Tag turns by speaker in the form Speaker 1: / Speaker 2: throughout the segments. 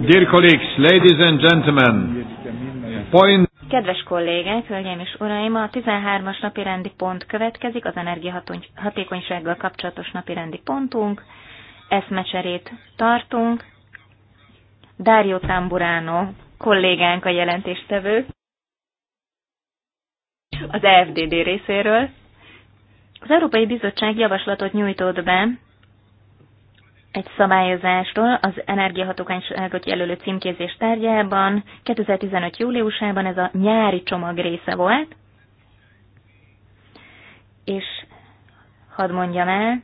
Speaker 1: Dear colleagues, ladies and gentlemen, point... Kedves kollégák, hölgyeim és uraim, a 13-as napi rendi pont következik, az energiahatékonysággal kapcsolatos napi rendi pontunk. Eszmecserét tartunk. Dario Tamburano kollégánk a jelentéstevő az e FDD részéről. Az Európai Bizottság javaslatot nyújtott be egy szabályozásról az energiahatókányságot jelölő címkézés tárgyában 2015. júliusában ez a nyári csomag része volt, és hadd mondjam el,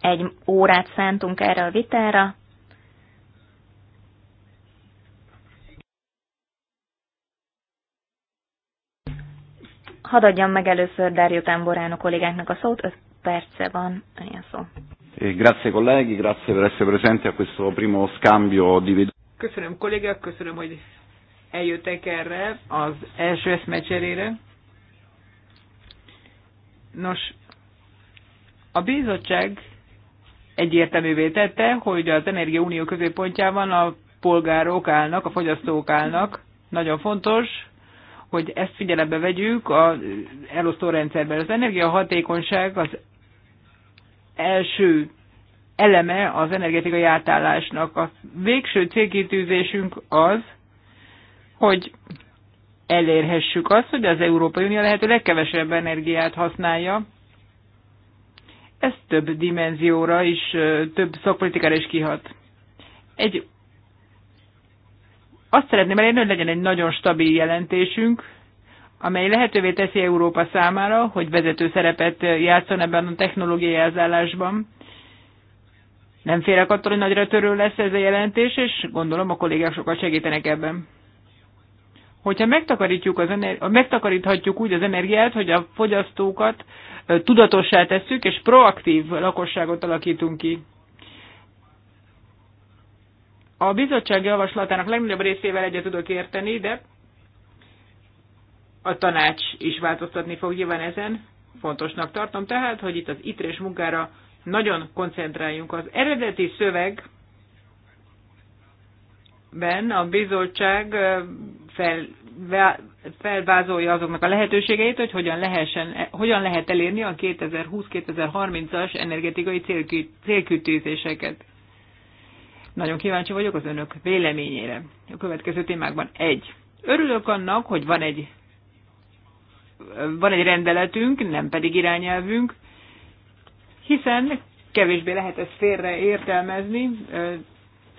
Speaker 1: egy órát szántunk erre a vitára, Hadd adjam meg először Dario Tamborano kollégáknak a szót, 5 perce van, olyan szó.
Speaker 2: E, grazie colleghi, grazie per essere presenti a questo primo scambio di
Speaker 3: Köszönöm kollégák, köszönöm, hogy eljöttek erre az első eszmecserére. Nos, a bizottság egyértelművé tette, hogy az energia unió középpontjában a polgárok állnak, a fogyasztók állnak. Nagyon fontos, hogy ezt figyelembe vegyük a elosztó rendszerben. Az energiahatékonyság az első eleme az energetikai átállásnak. A végső célkitűzésünk az, hogy elérhessük azt, hogy az Európai Unió lehető legkevesebb energiát használja. Ez több dimenzióra is, több szakpolitikára is kihat. Egy, azt szeretném elérni, hogy legyen egy nagyon stabil jelentésünk, amely lehetővé teszi Európa számára, hogy vezető szerepet játszon ebben a technológiai elzállásban. Nem félek attól, hogy nagyra törő lesz ez a jelentés, és gondolom a kollégák sokat segítenek ebben. Hogyha megtakarítjuk az megtakaríthatjuk úgy az energiát, hogy a fogyasztókat tudatossá tesszük, és proaktív lakosságot alakítunk ki. A bizottság javaslatának legnagyobb részével egyet tudok érteni, de a tanács is változtatni fog nyilván ezen. Fontosnak tartom tehát, hogy itt az itrés munkára nagyon koncentráljunk. Az eredeti szövegben a bizottság fel, felvázolja azoknak a lehetőségeit, hogy hogyan, lehessen, hogyan lehet elérni a 2020-2030-as energetikai célkütőzéseket. Nagyon kíváncsi vagyok az önök véleményére a következő témákban. Egy. Örülök annak, hogy van egy van egy rendeletünk, nem pedig irányelvünk, hiszen kevésbé lehet ezt félre értelmezni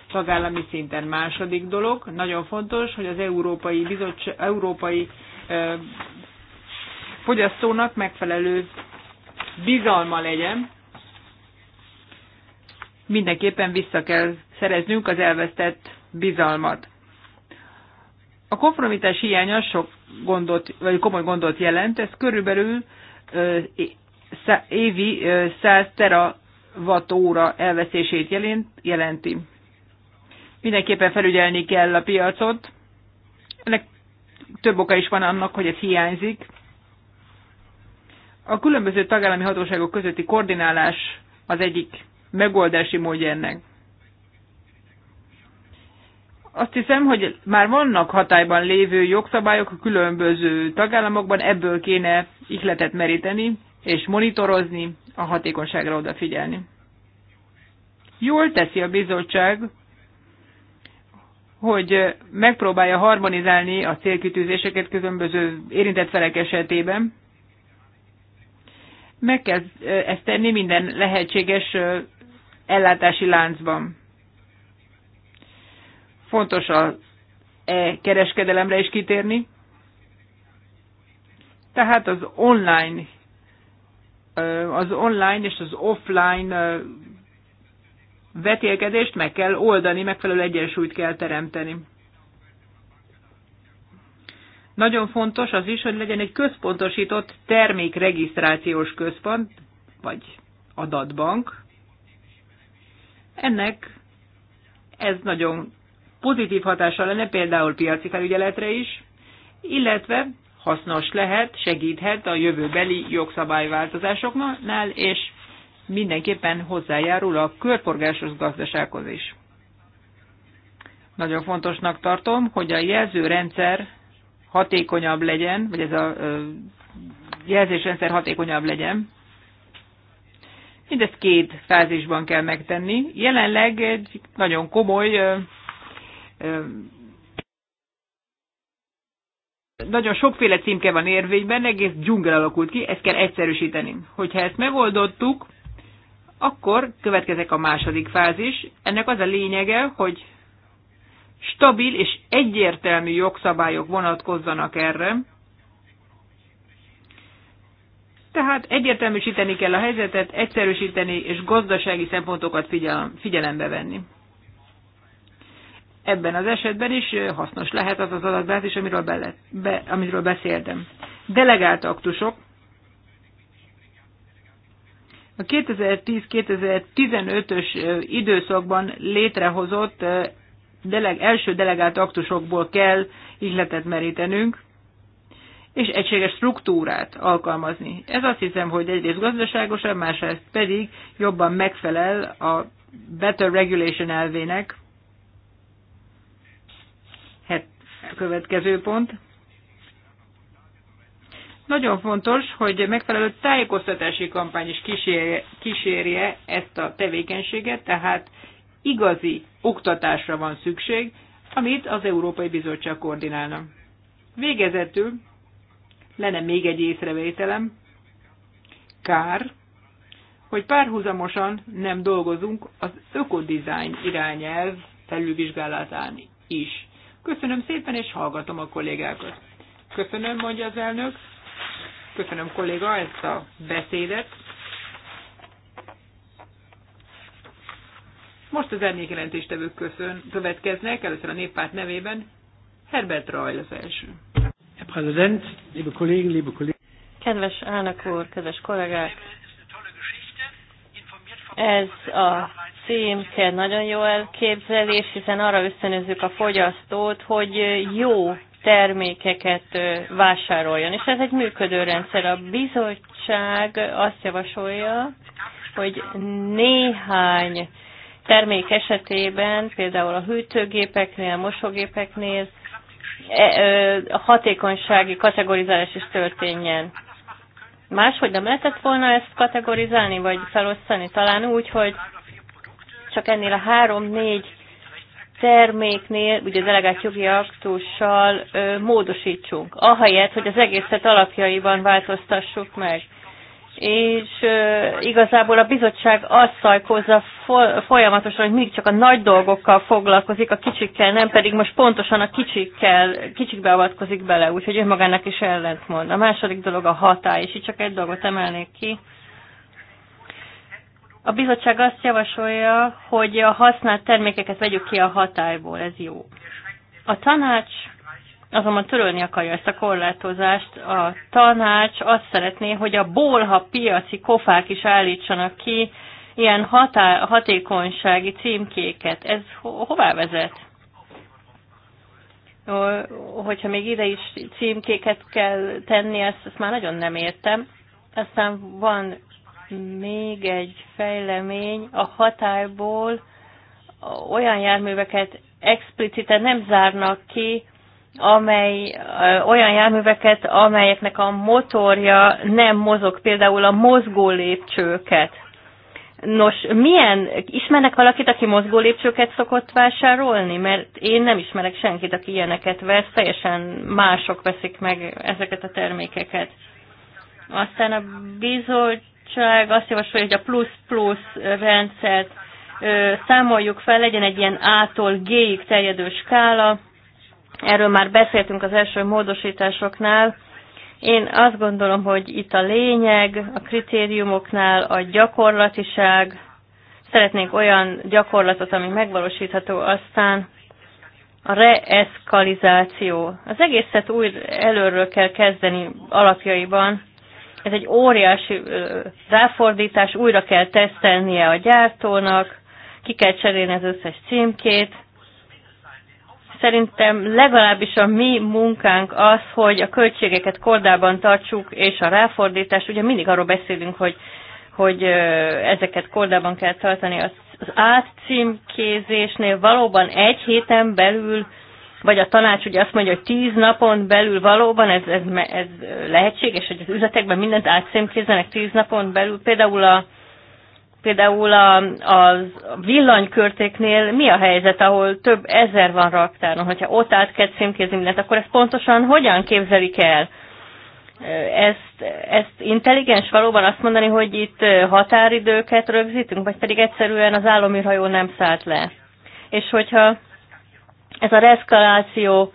Speaker 3: tagállami szinten. Második dolog, nagyon fontos, hogy az Európai, Bizottság, Európai fogyasztónak megfelelő bizalma legyen. Mindenképpen vissza kell szereznünk az elvesztett bizalmat. A konformitás hiánya sok gondot, vagy komoly gondot jelent. Ez körülbelül évi 100 óra elveszését jelenti. Mindenképpen felügyelni kell a piacot. Ennek több oka is van annak, hogy ez hiányzik. A különböző tagállami hatóságok közötti koordinálás az egyik megoldási módja ennek azt hiszem, hogy már vannak hatályban lévő jogszabályok a különböző tagállamokban, ebből kéne ihletet meríteni és monitorozni, a hatékonyságra odafigyelni. Jól teszi a bizottság, hogy megpróbálja harmonizálni a célkitűzéseket különböző érintett felek esetében. Meg kell eh, ezt tenni minden lehetséges eh, ellátási láncban. Fontos a e kereskedelemre is kitérni. Tehát az online az online és az offline vetélkedést meg kell oldani, megfelelő egyensúlyt kell teremteni. Nagyon fontos az is, hogy legyen egy központosított termékregisztrációs központ, vagy adatbank. Ennek ez nagyon pozitív hatása lenne például piaci felügyeletre is, illetve hasznos lehet, segíthet a jövőbeli jogszabályváltozásoknál, és mindenképpen hozzájárul a körforgásos gazdasághoz is. Nagyon fontosnak tartom, hogy a jelzőrendszer hatékonyabb legyen, vagy ez a jelzésrendszer hatékonyabb legyen. Mindezt két fázisban kell megtenni. Jelenleg egy nagyon komoly nagyon sokféle címke van érvényben, egész dzsungel alakult ki, ezt kell egyszerűsíteni. Hogyha ezt megoldottuk, akkor következik a második fázis. Ennek az a lényege, hogy stabil és egyértelmű jogszabályok vonatkozzanak erre. Tehát egyértelműsíteni kell a helyzetet, egyszerűsíteni és gazdasági szempontokat figyelembe venni ebben az esetben is hasznos lehet az az adatbázis, amiről, be, be, amiről beszéltem. Delegált aktusok. A 2010-2015-ös időszakban létrehozott deleg, első delegált aktusokból kell ihletet merítenünk, és egységes struktúrát alkalmazni. Ez azt hiszem, hogy egyrészt gazdaságosabb, másrészt pedig jobban megfelel a better regulation elvének, Következő pont. Nagyon fontos, hogy megfelelő tájékoztatási kampány is kísérje, kísérje ezt a tevékenységet, tehát igazi oktatásra van szükség, amit az Európai Bizottság koordinálna. Végezetül lenne még egy észrevételem. Kár, hogy párhuzamosan nem dolgozunk az ökodizájn irányelv felülvizsgálatán is. Köszönöm szépen, és hallgatom a kollégákat. Köszönöm, mondja az elnök. Köszönöm, kolléga, ezt a beszédet. Most az jelentéstevők köszön, következnek, először a néppárt nevében. Herbert Rajl az első. Herr Präsident, liebe Kollegen, liebe Kollegen.
Speaker 2: Kedves elnök úr, kedves kollégák! Ez a címke nagyon jó elképzelés, hiszen arra összenőzzük a fogyasztót, hogy jó termékeket vásároljon. És ez egy működő rendszer. A bizottság azt javasolja, hogy néhány termék esetében, például a hűtőgépeknél, a mosógépeknél e, a hatékonysági kategorizálás is történjen. Máshogy nem lehetett volna ezt kategorizálni, vagy felosztani? Talán úgy, hogy csak ennél a három-négy terméknél, ugye az elegált jogi aktussal ö, módosítsunk, ahelyett, hogy az egészet alapjaiban változtassuk meg. És ö, igazából a bizottság azt szajkozza folyamatosan, hogy még csak a nagy dolgokkal foglalkozik, a kicsikkel nem, pedig most pontosan a kicsikkel, kicsik avatkozik bele, úgyhogy önmagának is ellentmond. A második dolog a hatály, és itt csak egy dolgot emelnék ki, a bizottság azt javasolja, hogy a használt termékeket vegyük ki a hatályból, ez jó. A tanács azonban törölni akarja ezt a korlátozást. A tanács azt szeretné, hogy a bolha piaci kofák is állítsanak ki ilyen hatá- hatékonysági címkéket. Ez ho- hová vezet? Hogyha még ide is címkéket kell tenni, ezt, ezt már nagyon nem értem. Aztán van még egy fejlemény, a határból olyan járműveket expliciten nem zárnak ki, amely olyan járműveket, amelyeknek a motorja nem mozog, például a mozgó lépcsőket. Nos, milyen, ismernek valakit, aki mozgó lépcsőket szokott vásárolni? Mert én nem ismerek senkit, aki ilyeneket vesz, teljesen mások veszik meg ezeket a termékeket. Aztán a bizony bizottság azt javasolja, hogy a plusz-plusz rendszert számoljuk fel, legyen egy ilyen A-tól G-ig terjedő skála. Erről már beszéltünk az első módosításoknál. Én azt gondolom, hogy itt a lényeg, a kritériumoknál a gyakorlatiság, szeretnénk olyan gyakorlatot, ami megvalósítható, aztán a reeszkalizáció. Az egészet új előről kell kezdeni alapjaiban, ez egy óriási ráfordítás, újra kell tesztelnie a gyártónak, ki kell cserélni az összes címkét. Szerintem legalábbis a mi munkánk az, hogy a költségeket kordában tartsuk, és a ráfordítást, ugye mindig arról beszélünk, hogy, hogy ezeket kordában kell tartani. Az átcímkézésnél valóban egy héten belül vagy a tanács ugye azt mondja, hogy tíz napon belül valóban ez, ez, ez lehetséges, hogy az üzletekben mindent átszémkézzenek tíz napon belül. Például a, például a, a villanykörtéknél mi a helyzet, ahol több ezer van raktáron, hogyha ott át kell címkézni mindent, akkor ezt pontosan hogyan képzelik el? Ezt, ezt intelligens valóban azt mondani, hogy itt határidőket rögzítünk, vagy pedig egyszerűen az álloműrhajó nem szállt le? És hogyha ez a reszkaláció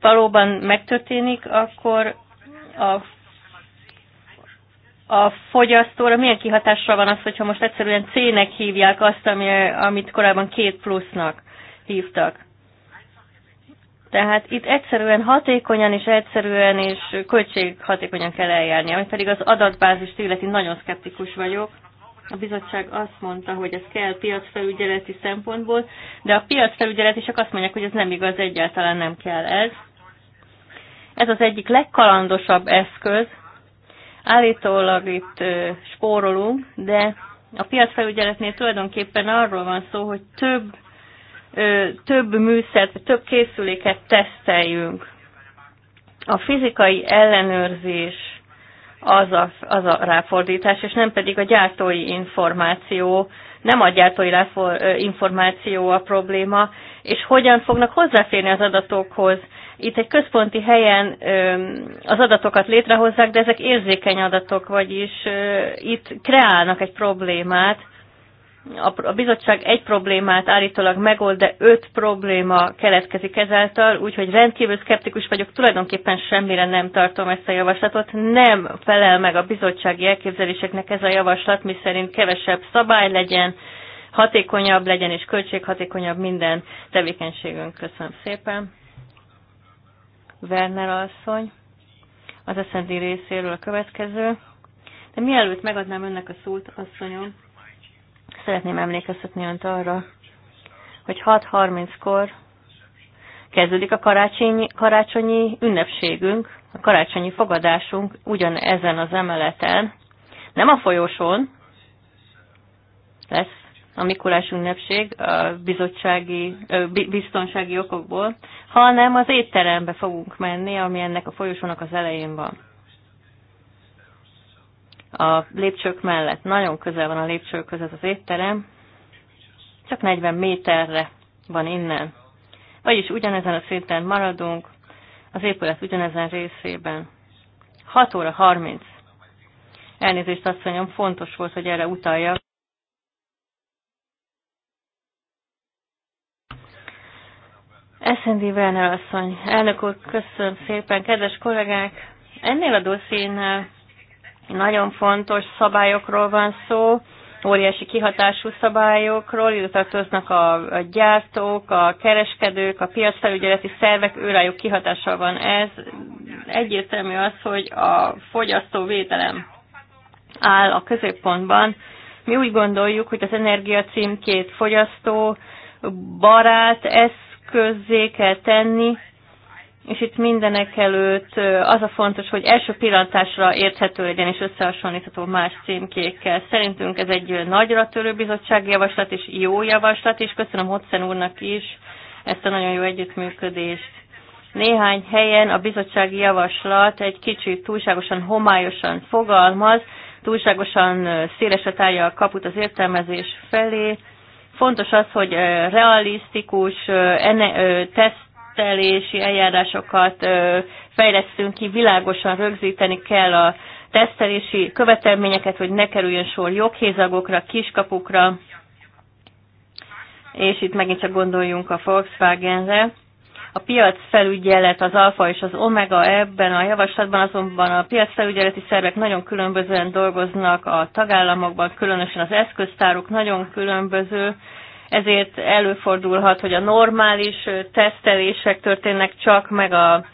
Speaker 2: valóban megtörténik, akkor a, a fogyasztóra milyen kihatással van az, hogyha most egyszerűen C-nek hívják azt, ami, amit korábban két plusznak hívtak. Tehát itt egyszerűen hatékonyan és egyszerűen és költséghatékonyan kell eljárni, ami pedig az adatbázis illeti nagyon szkeptikus vagyok. A bizottság azt mondta, hogy ez kell piacfelügyeleti szempontból, de a piacfelügyeletések azt mondják, hogy ez nem igaz, egyáltalán nem kell ez. Ez az egyik legkalandosabb eszköz. Állítólag itt spórolunk, de a piacfelügyeletnél tulajdonképpen arról van szó, hogy több, több műszert, több készüléket teszteljünk. A fizikai ellenőrzés az a, az a ráfordítás, és nem pedig a gyártói információ, nem a gyártói ráfor, információ a probléma, és hogyan fognak hozzáférni az adatokhoz. Itt egy központi helyen az adatokat létrehozzák, de ezek érzékeny adatok, vagyis itt kreálnak egy problémát, a bizottság egy problémát állítólag megold, de öt probléma keletkezik ezáltal, úgyhogy rendkívül szkeptikus vagyok, tulajdonképpen semmire nem tartom ezt a javaslatot. Nem felel meg a bizottsági elképzeléseknek ez a javaslat, miszerint kevesebb szabály legyen, hatékonyabb legyen és költséghatékonyabb minden tevékenységünk. Köszönöm szépen. Werner asszony, az eszendi részéről a következő. De mielőtt megadnám önnek a szót, asszonyom, Szeretném emlékeztetni önt arra, hogy 6.30-kor kezdődik a karácsonyi, karácsonyi ünnepségünk, a karácsonyi fogadásunk ugyan ezen az emeleten, nem a folyosón lesz a Mikulás ünnepség a bizottsági, biztonsági okokból, hanem az étterembe fogunk menni, ami ennek a folyosónak az elején van a lépcsők mellett. Nagyon közel van a lépcsőkhöz ez az étterem, csak 40 méterre van innen. Vagyis ugyanezen a szinten maradunk, az épület ugyanezen részében. 6 óra 30. Elnézést asszonyom, fontos volt, hogy erre utaljak. Eszendi Werner asszony, elnök úr, köszönöm szépen, kedves kollégák! Ennél a dossziénál nagyon fontos szabályokról van szó, óriási kihatású szabályokról, ide tartoznak a, a gyártók, a kereskedők, a piacfelügyeleti szervek, őrájuk kihatással van ez. Egyértelmű az, hogy a fogyasztóvédelem áll a középpontban. Mi úgy gondoljuk, hogy az energia címkét fogyasztó barát eszközzé kell tenni, és itt mindenek előtt az a fontos, hogy első pillantásra érthető legyen és összehasonlítható más címkékkel. Szerintünk ez egy nagyra törő bizottsági javaslat és jó javaslat, és köszönöm Hotzen úrnak is ezt a nagyon jó együttműködést. Néhány helyen a bizottsági javaslat egy kicsit túlságosan homályosan fogalmaz, túlságosan szélesre tárja a kaput az értelmezés felé. Fontos az, hogy realisztikus teszt tesztelési eljárásokat fejlesztünk ki, világosan rögzíteni kell a tesztelési követelményeket, hogy ne kerüljön sor joghézagokra, kiskapukra, és itt megint csak gondoljunk a Volkswagenre. A felügyelet, az alfa és az omega ebben a javaslatban azonban a felügyeleti szervek nagyon különbözően dolgoznak a tagállamokban, különösen az eszköztárok nagyon különböző, ezért előfordulhat, hogy a normális tesztelések történnek csak meg a,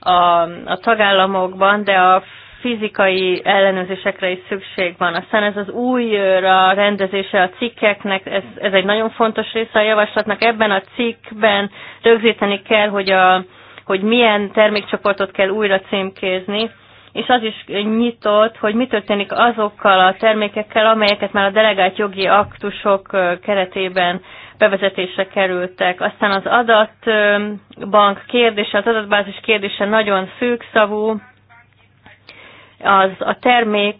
Speaker 2: a, a tagállamokban, de a fizikai ellenőrzésekre is szükség van. Aztán ez az újra rendezése a cikkeknek, ez, ez egy nagyon fontos része a javaslatnak. Ebben a cikkben rögzíteni kell, hogy, a, hogy milyen termékcsoportot kell újra címkézni, és az is nyitott, hogy mi történik azokkal a termékekkel, amelyeket már a delegált jogi aktusok keretében bevezetésre kerültek. Aztán az adatbank kérdése, az adatbázis kérdése nagyon szűkszavú, az a termék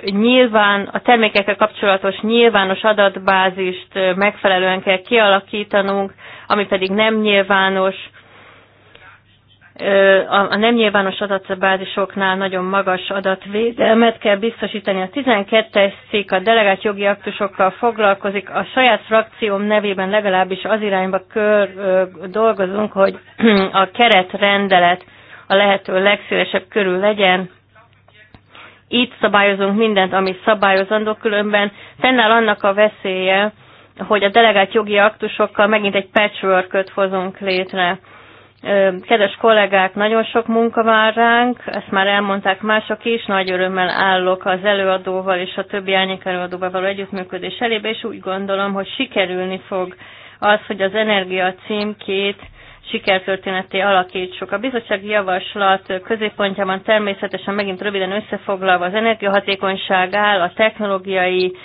Speaker 2: nyilván, a termékekkel kapcsolatos nyilvános adatbázist megfelelően kell kialakítanunk, ami pedig nem nyilvános, a nem nyilvános adatbázisoknál nagyon magas adatvédelmet kell biztosítani. A 12-es szék a delegált jogi aktusokkal foglalkozik. A saját frakcióm nevében legalábbis az irányba kör dolgozunk, hogy a keretrendelet a lehető legszélesebb körül legyen. Itt szabályozunk mindent, ami szabályozandó, különben fennáll annak a veszélye, hogy a delegált jogi aktusokkal megint egy patchworköt hozunk létre Kedves kollégák, nagyon sok munka vár ránk, ezt már elmondták mások is, nagy örömmel állok az előadóval és a többi árnyék előadóval való együttműködés elébe, és úgy gondolom, hogy sikerülni fog az, hogy az energia címkét sikertörténeté alakítsuk. A bizottsági javaslat középpontjában természetesen megint röviden összefoglalva az energiahatékonyság áll, a technológiai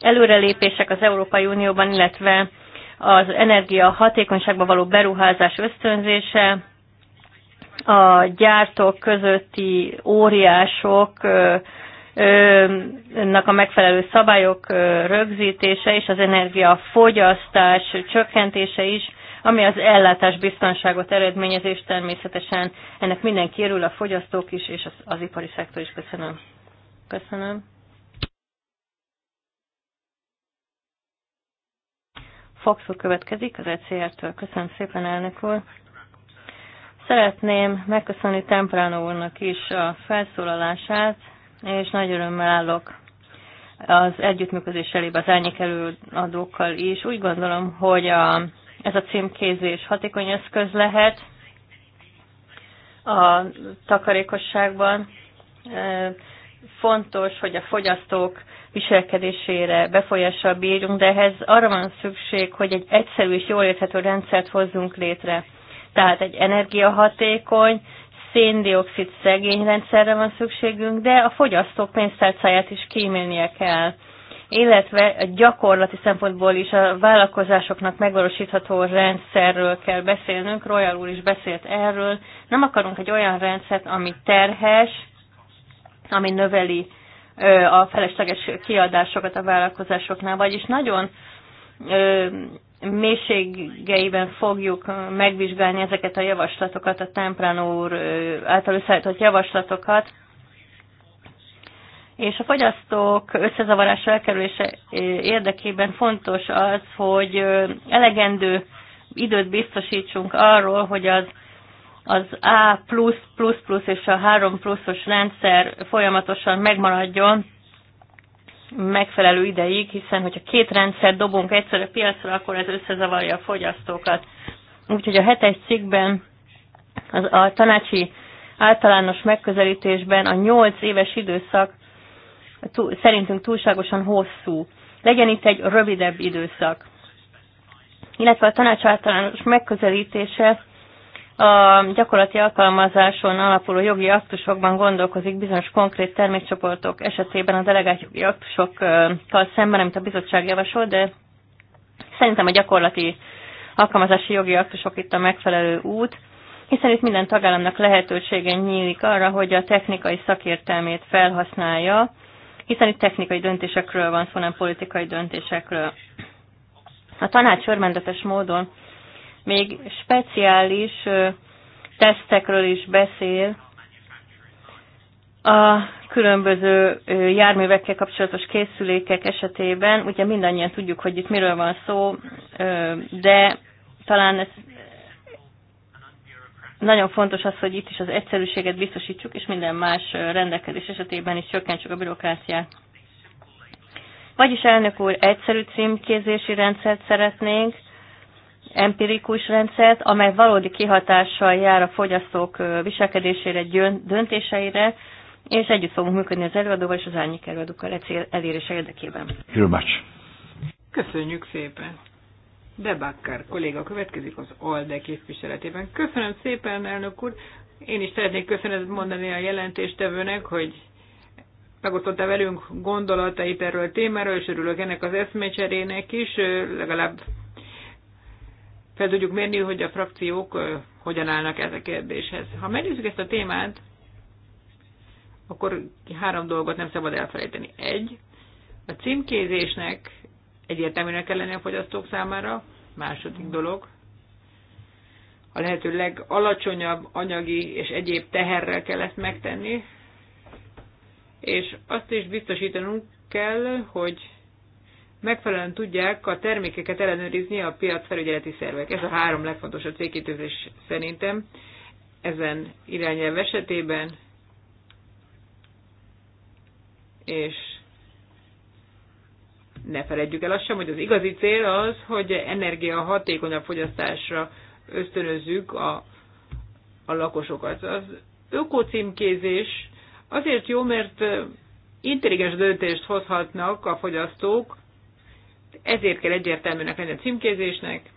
Speaker 2: előrelépések az Európai Unióban, illetve az energia hatékonyságba való beruházás ösztönzése, a gyártók közötti óriások a megfelelő szabályok rögzítése és az energiafogyasztás csökkentése is, ami az ellátás biztonságot eredményez, és természetesen ennek mindenki örül, a fogyasztók is, és az, az ipari szektor is. Köszönöm. Köszönöm. Foxu következik az ECR-től. Köszönöm szépen, elnök úr. Szeretném megköszönni Temprano úrnak is a felszólalását, és nagy örömmel állok az együttműködés elébe az adókkal is. Úgy gondolom, hogy a, ez a címkézés hatékony eszköz lehet a takarékosságban. Fontos, hogy a fogyasztók viselkedésére befolyással bírjunk, de ehhez arra van szükség, hogy egy egyszerű és jól érthető rendszert hozzunk létre. Tehát egy energiahatékony, széndiokszid szegény rendszerre van szükségünk, de a fogyasztók pénztárcáját is kímélnie kell illetve a gyakorlati szempontból is a vállalkozásoknak megvalósítható rendszerről kell beszélnünk. Royal úr is beszélt erről. Nem akarunk egy olyan rendszert, ami terhes, ami növeli a felesleges kiadásokat a vállalkozásoknál, vagyis nagyon mélységeiben fogjuk megvizsgálni ezeket a javaslatokat, a Temprán úr által összeállított javaslatokat, és a fogyasztók összezavarása elkerülése érdekében fontos az, hogy elegendő időt biztosítsunk arról, hogy az az A++ és a 3 pluszos rendszer folyamatosan megmaradjon megfelelő ideig, hiszen hogyha két rendszer dobunk egyszerre piacra, akkor ez összezavarja a fogyasztókat. Úgyhogy a hetes cikkben az, a tanácsi általános megközelítésben a 8 éves időszak szerintünk túlságosan hosszú. Legyen itt egy rövidebb időszak. Illetve a tanács általános megközelítése a gyakorlati alkalmazáson alapuló jogi aktusokban gondolkozik bizonyos konkrét termékcsoportok esetében a delegált jogi aktusokkal szemben, amit a bizottság javasol, de szerintem a gyakorlati alkalmazási jogi aktusok itt a megfelelő út, hiszen itt minden tagállamnak lehetősége nyílik arra, hogy a technikai szakértelmét felhasználja, hiszen itt technikai döntésekről van szó, nem politikai döntésekről. A tanács örvendetes módon még speciális tesztekről is beszél a különböző járművekkel kapcsolatos készülékek esetében. Ugye mindannyian tudjuk, hogy itt miről van szó, de talán ez nagyon fontos az, hogy itt is az egyszerűséget biztosítsuk, és minden más rendelkezés esetében is csökkentsük a bürokráciát. Vagyis elnök úr, egyszerű címkézési rendszert szeretnénk, empirikus rendszert, amely valódi kihatással jár a fogyasztók viselkedésére, döntéseire, és együtt fogunk működni az előadóval és az árnyék előadókkal e elérése érdekében.
Speaker 3: Köszönjük szépen! De Bakkar kolléga következik az ALDE képviseletében. Köszönöm szépen, elnök úr! Én is szeretnék köszönetet mondani a jelentéstevőnek, hogy megosztotta velünk gondolatait erről a témáról, és örülök ennek az eszmecserének is, legalább fel tudjuk mérni, hogy a frakciók hogyan állnak ez a kérdéshez. Ha megnézzük ezt a témát, akkor három dolgot nem szabad elfelejteni. Egy, a címkézésnek egyértelműnek kell lenni a fogyasztók számára. Második dolog, a lehető legalacsonyabb anyagi és egyéb teherrel kell ezt megtenni, és azt is biztosítanunk kell, hogy megfelelően tudják a termékeket ellenőrizni a piacfelügyeleti szervek. Ez a három legfontosabb cégkétőzés szerintem ezen irányelv esetében, és ne feledjük el azt sem, hogy az igazi cél az, hogy energia hatékonyabb fogyasztásra ösztönözzük a, a lakosokat. Az ökocímkézés azért jó, mert intelligens döntést hozhatnak a fogyasztók ezért kell egyértelműnek lenni a címkézésnek.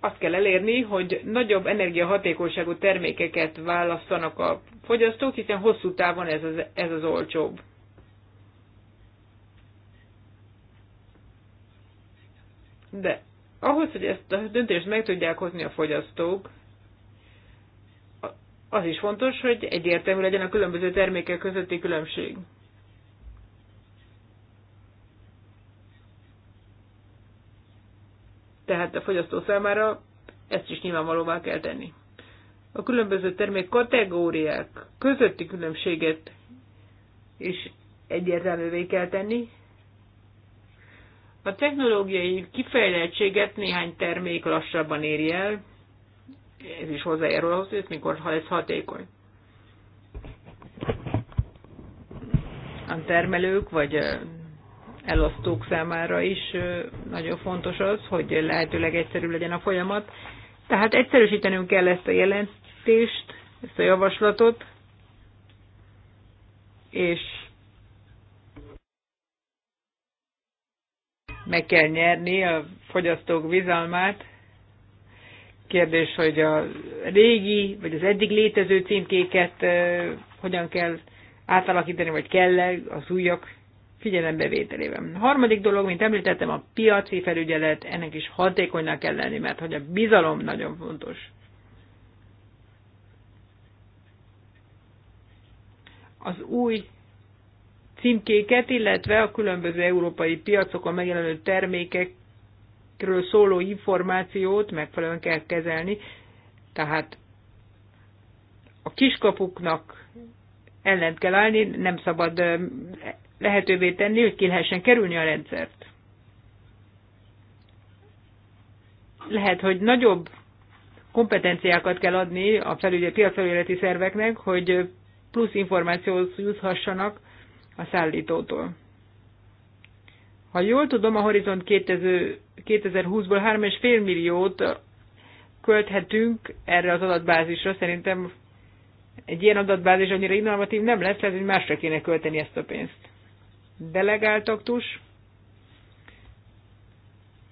Speaker 3: Azt kell elérni, hogy nagyobb energiahatékonyságú termékeket választanak a fogyasztók, hiszen hosszú távon ez az, ez az olcsóbb. De ahhoz, hogy ezt a döntést meg tudják hozni a fogyasztók, az is fontos, hogy egyértelmű legyen a különböző termékek közötti különbség. tehát a fogyasztó számára ezt is nyilvánvalóvá kell tenni. A különböző termék kategóriák közötti különbséget is egyértelművé kell tenni. A technológiai kifejlettséget néhány termék lassabban éri el, ez is hozzájárul ahhoz, hogy mikor, ha ez hatékony. A termelők vagy elosztók számára is nagyon fontos az, hogy lehetőleg egyszerű legyen a folyamat. Tehát egyszerűsítenünk kell ezt a jelentést, ezt a javaslatot, és meg kell nyerni a fogyasztók bizalmát. Kérdés, hogy a régi, vagy az eddig létező címkéket hogyan kell átalakítani, vagy kell -e az újak figyelembevételében. A harmadik dolog, mint említettem, a piaci felügyelet, ennek is hatékonynak kell lenni, mert hogy a bizalom nagyon fontos. Az új címkéket, illetve a különböző európai piacokon megjelenő termékekről szóló információt megfelelően kell kezelni, tehát a kiskapuknak ellent kell állni, nem szabad lehetővé tenni, hogy ki lehessen kerülni a rendszert. Lehet, hogy nagyobb kompetenciákat kell adni a felügyel, piacfelügyeleti szerveknek, hogy plusz információhoz juthassanak a szállítótól. Ha jól tudom, a Horizont 2020-ból 3,5 milliót költhetünk erre az adatbázisra. Szerintem egy ilyen adatbázis annyira innovatív nem lesz, lehet, hogy másra kéne költeni ezt a pénzt delegált aktus,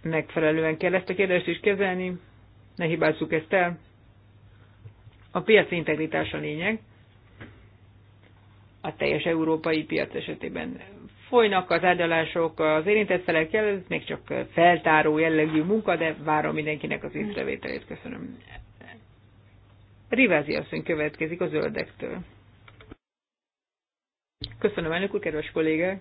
Speaker 3: megfelelően kell ezt a kérdést is kezelni, ne hibázzuk ezt el. A piac a lényeg. A teljes európai piac esetében folynak az áldalások az érintett kell, ez még csak feltáró jellegű munka, de várom mindenkinek az észrevételét. Köszönöm. Rivázi asszony következik a zöldektől. Köszönöm, elnök úr, kedves kollégák!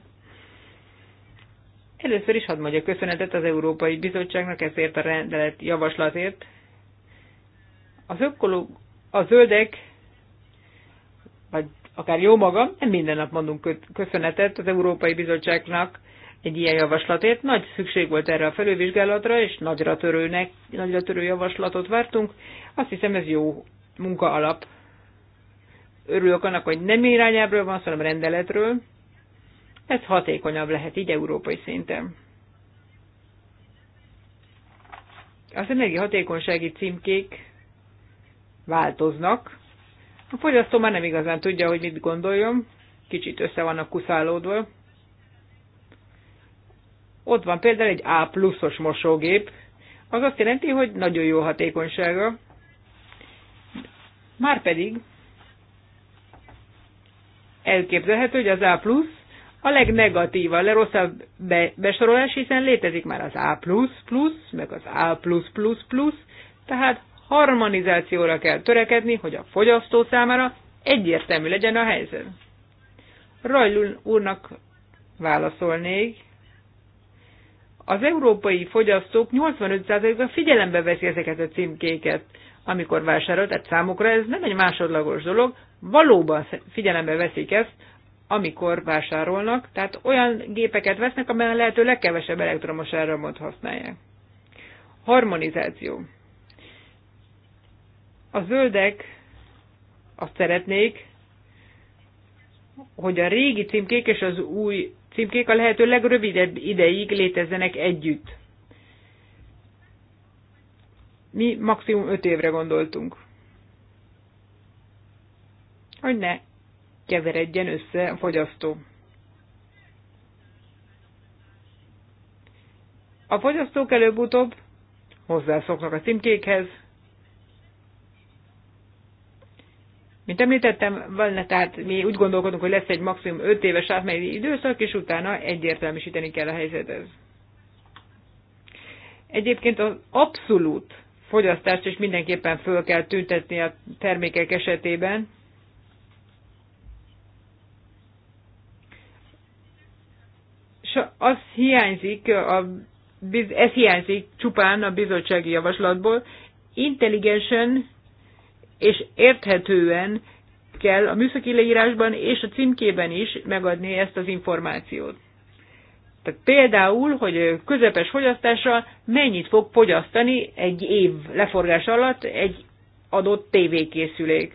Speaker 3: Először is hadd mondja köszönetet az Európai Bizottságnak ezért a rendelet javaslatért. Az ökolog, a zöldek, vagy akár jó magam, nem minden nap mondunk köszönetet az Európai Bizottságnak egy ilyen javaslatért. Nagy szükség volt erre a felővizsgálatra, és nagyra, törőnek, nagyra törő javaslatot vártunk. Azt hiszem ez jó munka alap. Örülök annak, hogy nem irányábról van, hanem rendeletről ez hatékonyabb lehet így európai szinten. Az energiahatékonysági címkék változnak. A fogyasztó már nem igazán tudja, hogy mit gondoljon, kicsit össze vannak kuszálódva. Ott van például egy A pluszos mosógép, az azt jelenti, hogy nagyon jó hatékonysága. Márpedig elképzelhető, hogy az A plusz a legnegatíva, a legrosszabb be, besorolás, hiszen létezik már az A++, meg az A++++, tehát harmonizációra kell törekedni, hogy a fogyasztó számára egyértelmű legyen a helyzet. Rajlun úrnak válaszolnék, az európai fogyasztók 85%-a figyelembe veszi ezeket a címkéket, amikor vásárol, tehát számukra ez nem egy másodlagos dolog, valóban figyelembe veszik ezt, amikor vásárolnak, tehát olyan gépeket vesznek, amelyen lehető legkevesebb elektromos áramot használják. Harmonizáció. A zöldek azt szeretnék, hogy a régi címkék és az új címkék a lehető legrövidebb ideig létezzenek együtt. Mi maximum 5 évre gondoltunk. Hogy ne keveredjen össze a fogyasztó. A fogyasztók előbb-utóbb hozzászoknak a címkékhez. Mint említettem, van, tehát mi úgy gondolkodunk, hogy lesz egy maximum 5 éves átmeneti időszak, és utána egyértelműsíteni kell a helyzethez. Egyébként az abszolút fogyasztást is mindenképpen föl kell tüntetni a termékek esetében, és az hiányzik, a, ez hiányzik csupán a bizottsági javaslatból, intelligensen és érthetően kell a műszaki leírásban és a címkében is megadni ezt az információt. Tehát például, hogy közepes fogyasztással mennyit fog fogyasztani egy év leforgás alatt egy adott tévékészülék.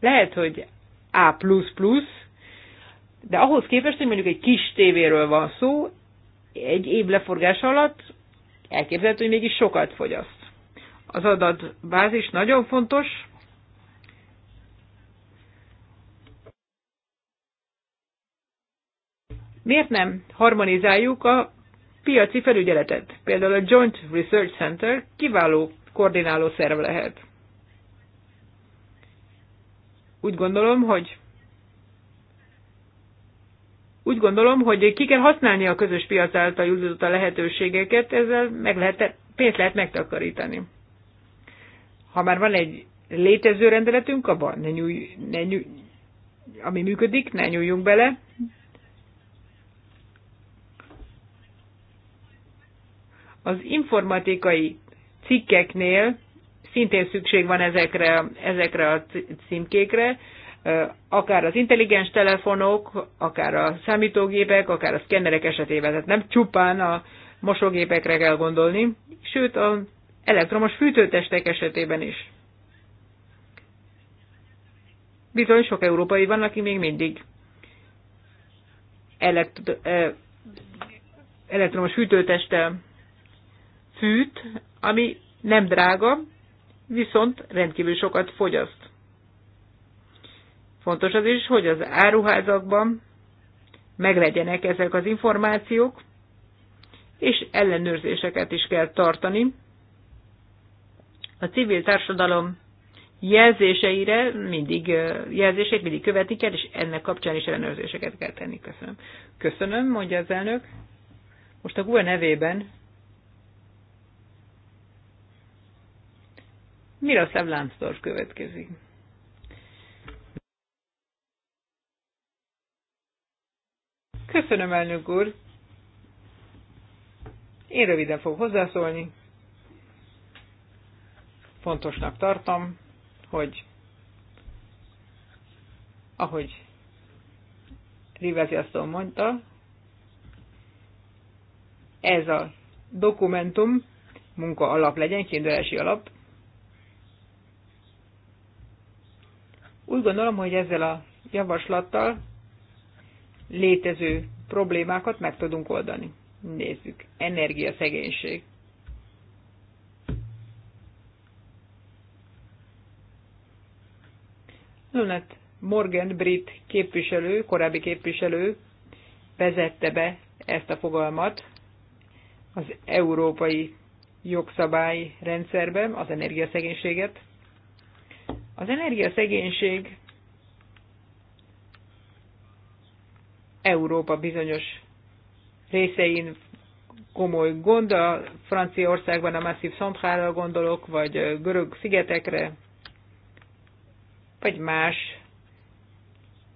Speaker 3: Lehet, hogy A++, de ahhoz képest, hogy mondjuk egy kis tévéről van szó, egy év leforgása alatt elképzelhető, hogy mégis sokat fogyaszt. Az adatbázis nagyon fontos, Miért nem harmonizáljuk a piaci felügyeletet? Például a Joint Research Center kiváló koordináló szerv lehet. Úgy gondolom, hogy úgy gondolom, hogy ki kell használni a közös piac által jutott a lehetőségeket, ezzel meg lehet, pénzt lehet megtakarítani. Ha már van egy létező rendeletünk, abban ne nyúj, ne nyúj, ami működik, ne nyúljunk bele. Az informatikai cikkeknél szintén szükség van ezekre, ezekre a címkékre akár az intelligens telefonok, akár a számítógépek, akár a szkennerek esetében. Tehát nem csupán a mosógépekre kell gondolni, sőt az elektromos fűtőtestek esetében is. Bizony sok európai van, aki még mindig elekt- elektromos fűtőteste fűt, ami nem drága, viszont rendkívül sokat fogyaszt. Fontos az is, hogy az áruházakban meglegyenek ezek az információk, és ellenőrzéseket is kell tartani. A civil társadalom jelzéseire mindig, jelzését mindig követni kell, és ennek kapcsán is ellenőrzéseket kell tenni. Köszönöm. Köszönöm, mondja az elnök. Most a GUE nevében Miroslav Lámsdorf következik. Köszönöm, elnök úr. Én röviden fog hozzászólni. Fontosnak tartom, hogy ahogy Rivezi azt mondta, ez a dokumentum munka alap legyen, kiindulási alap. Úgy gondolom, hogy ezzel a javaslattal létező problémákat meg tudunk oldani. Nézzük. Energiaszegénység. Lunet Morgan brit képviselő, korábbi képviselő vezette be ezt a fogalmat az európai jogszabály rendszerben, az energiaszegénységet. Az energiaszegénység Európa bizonyos részein komoly gond, a Franciaországban a masszív szomprára gondolok, vagy görög szigetekre, vagy más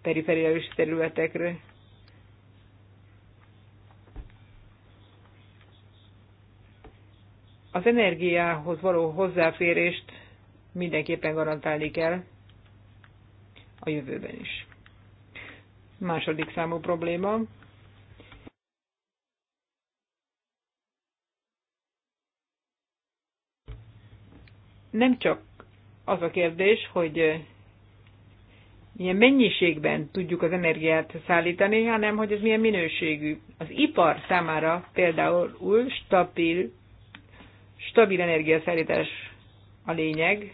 Speaker 3: perifériális területekre. Az energiához való hozzáférést mindenképpen garantálni kell a jövőben is. Második számú probléma. Nem csak az a kérdés, hogy eh, milyen mennyiségben tudjuk az energiát szállítani, hanem hogy ez milyen minőségű. Az ipar számára például új, stabil, stabil energiaszállítás a lényeg,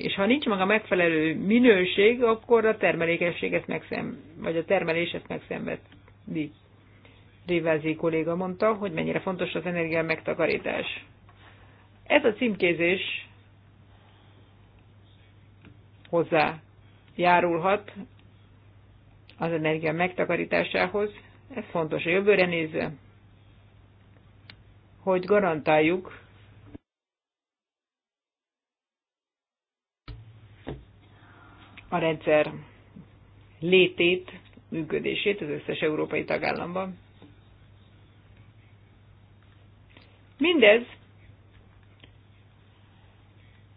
Speaker 3: és ha nincs maga megfelelő minőség, akkor a termelékenység ezt megszem, vagy a termelés ezt megszenvedi. Rivázi kolléga mondta, hogy mennyire fontos az energia megtakarítás. Ez a címkézés hozzá járulhat az energia megtakarításához. Ez fontos a jövőre nézve, hogy garantáljuk a rendszer létét, működését az összes európai tagállamban. Mindez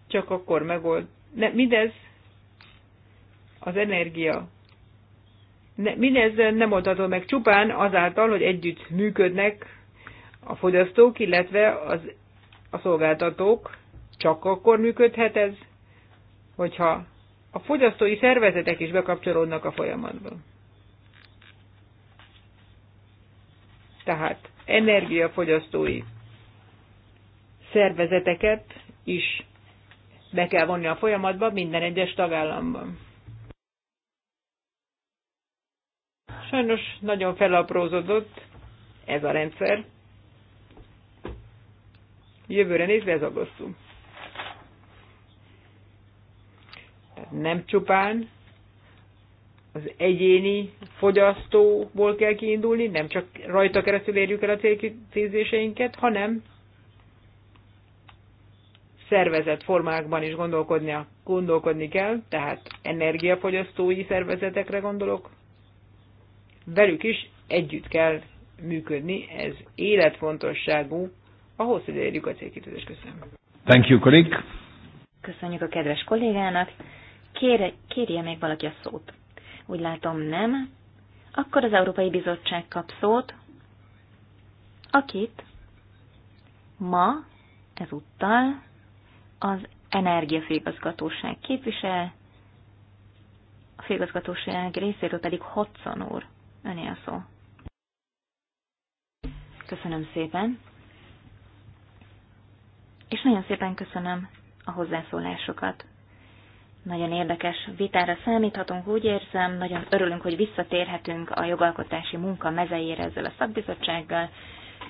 Speaker 3: csak akkor megold, ne, mindez az energia, ne, mindez nem oldható meg csupán azáltal, hogy együtt működnek a fogyasztók, illetve az, a szolgáltatók, csak akkor működhet ez, hogyha a fogyasztói szervezetek is bekapcsolódnak a folyamatba. Tehát energiafogyasztói szervezeteket is be kell vonni a folyamatba minden egyes tagállamban. Sajnos nagyon felaprózódott ez a rendszer. Jövőre nézve ez aggasztó. nem csupán az egyéni fogyasztóból kell kiindulni, nem csak rajta keresztül érjük el a célkitűzéseinket, hanem szervezet formákban is gondolkodnia, gondolkodni kell, tehát energiafogyasztói szervezetekre gondolok. Velük is együtt kell működni, ez életfontosságú ahhoz, hogy érjük a célkitűzést. Köszönöm.
Speaker 2: Thank you, colleague.
Speaker 3: Köszönjük a kedves
Speaker 1: kollégának. Kérje, kérje még valaki a szót? Úgy látom, nem. Akkor az Európai Bizottság kap szót, akit ma, ezúttal az energiafégazgatóság képvisel, a főigazgatóság részéről pedig Hodson úr. Öné a szó. Köszönöm szépen. És nagyon szépen köszönöm a hozzászólásokat. Nagyon érdekes vitára számíthatunk, úgy érzem, nagyon örülünk, hogy visszatérhetünk a jogalkotási munka mezeire ezzel a szakbizottsággal,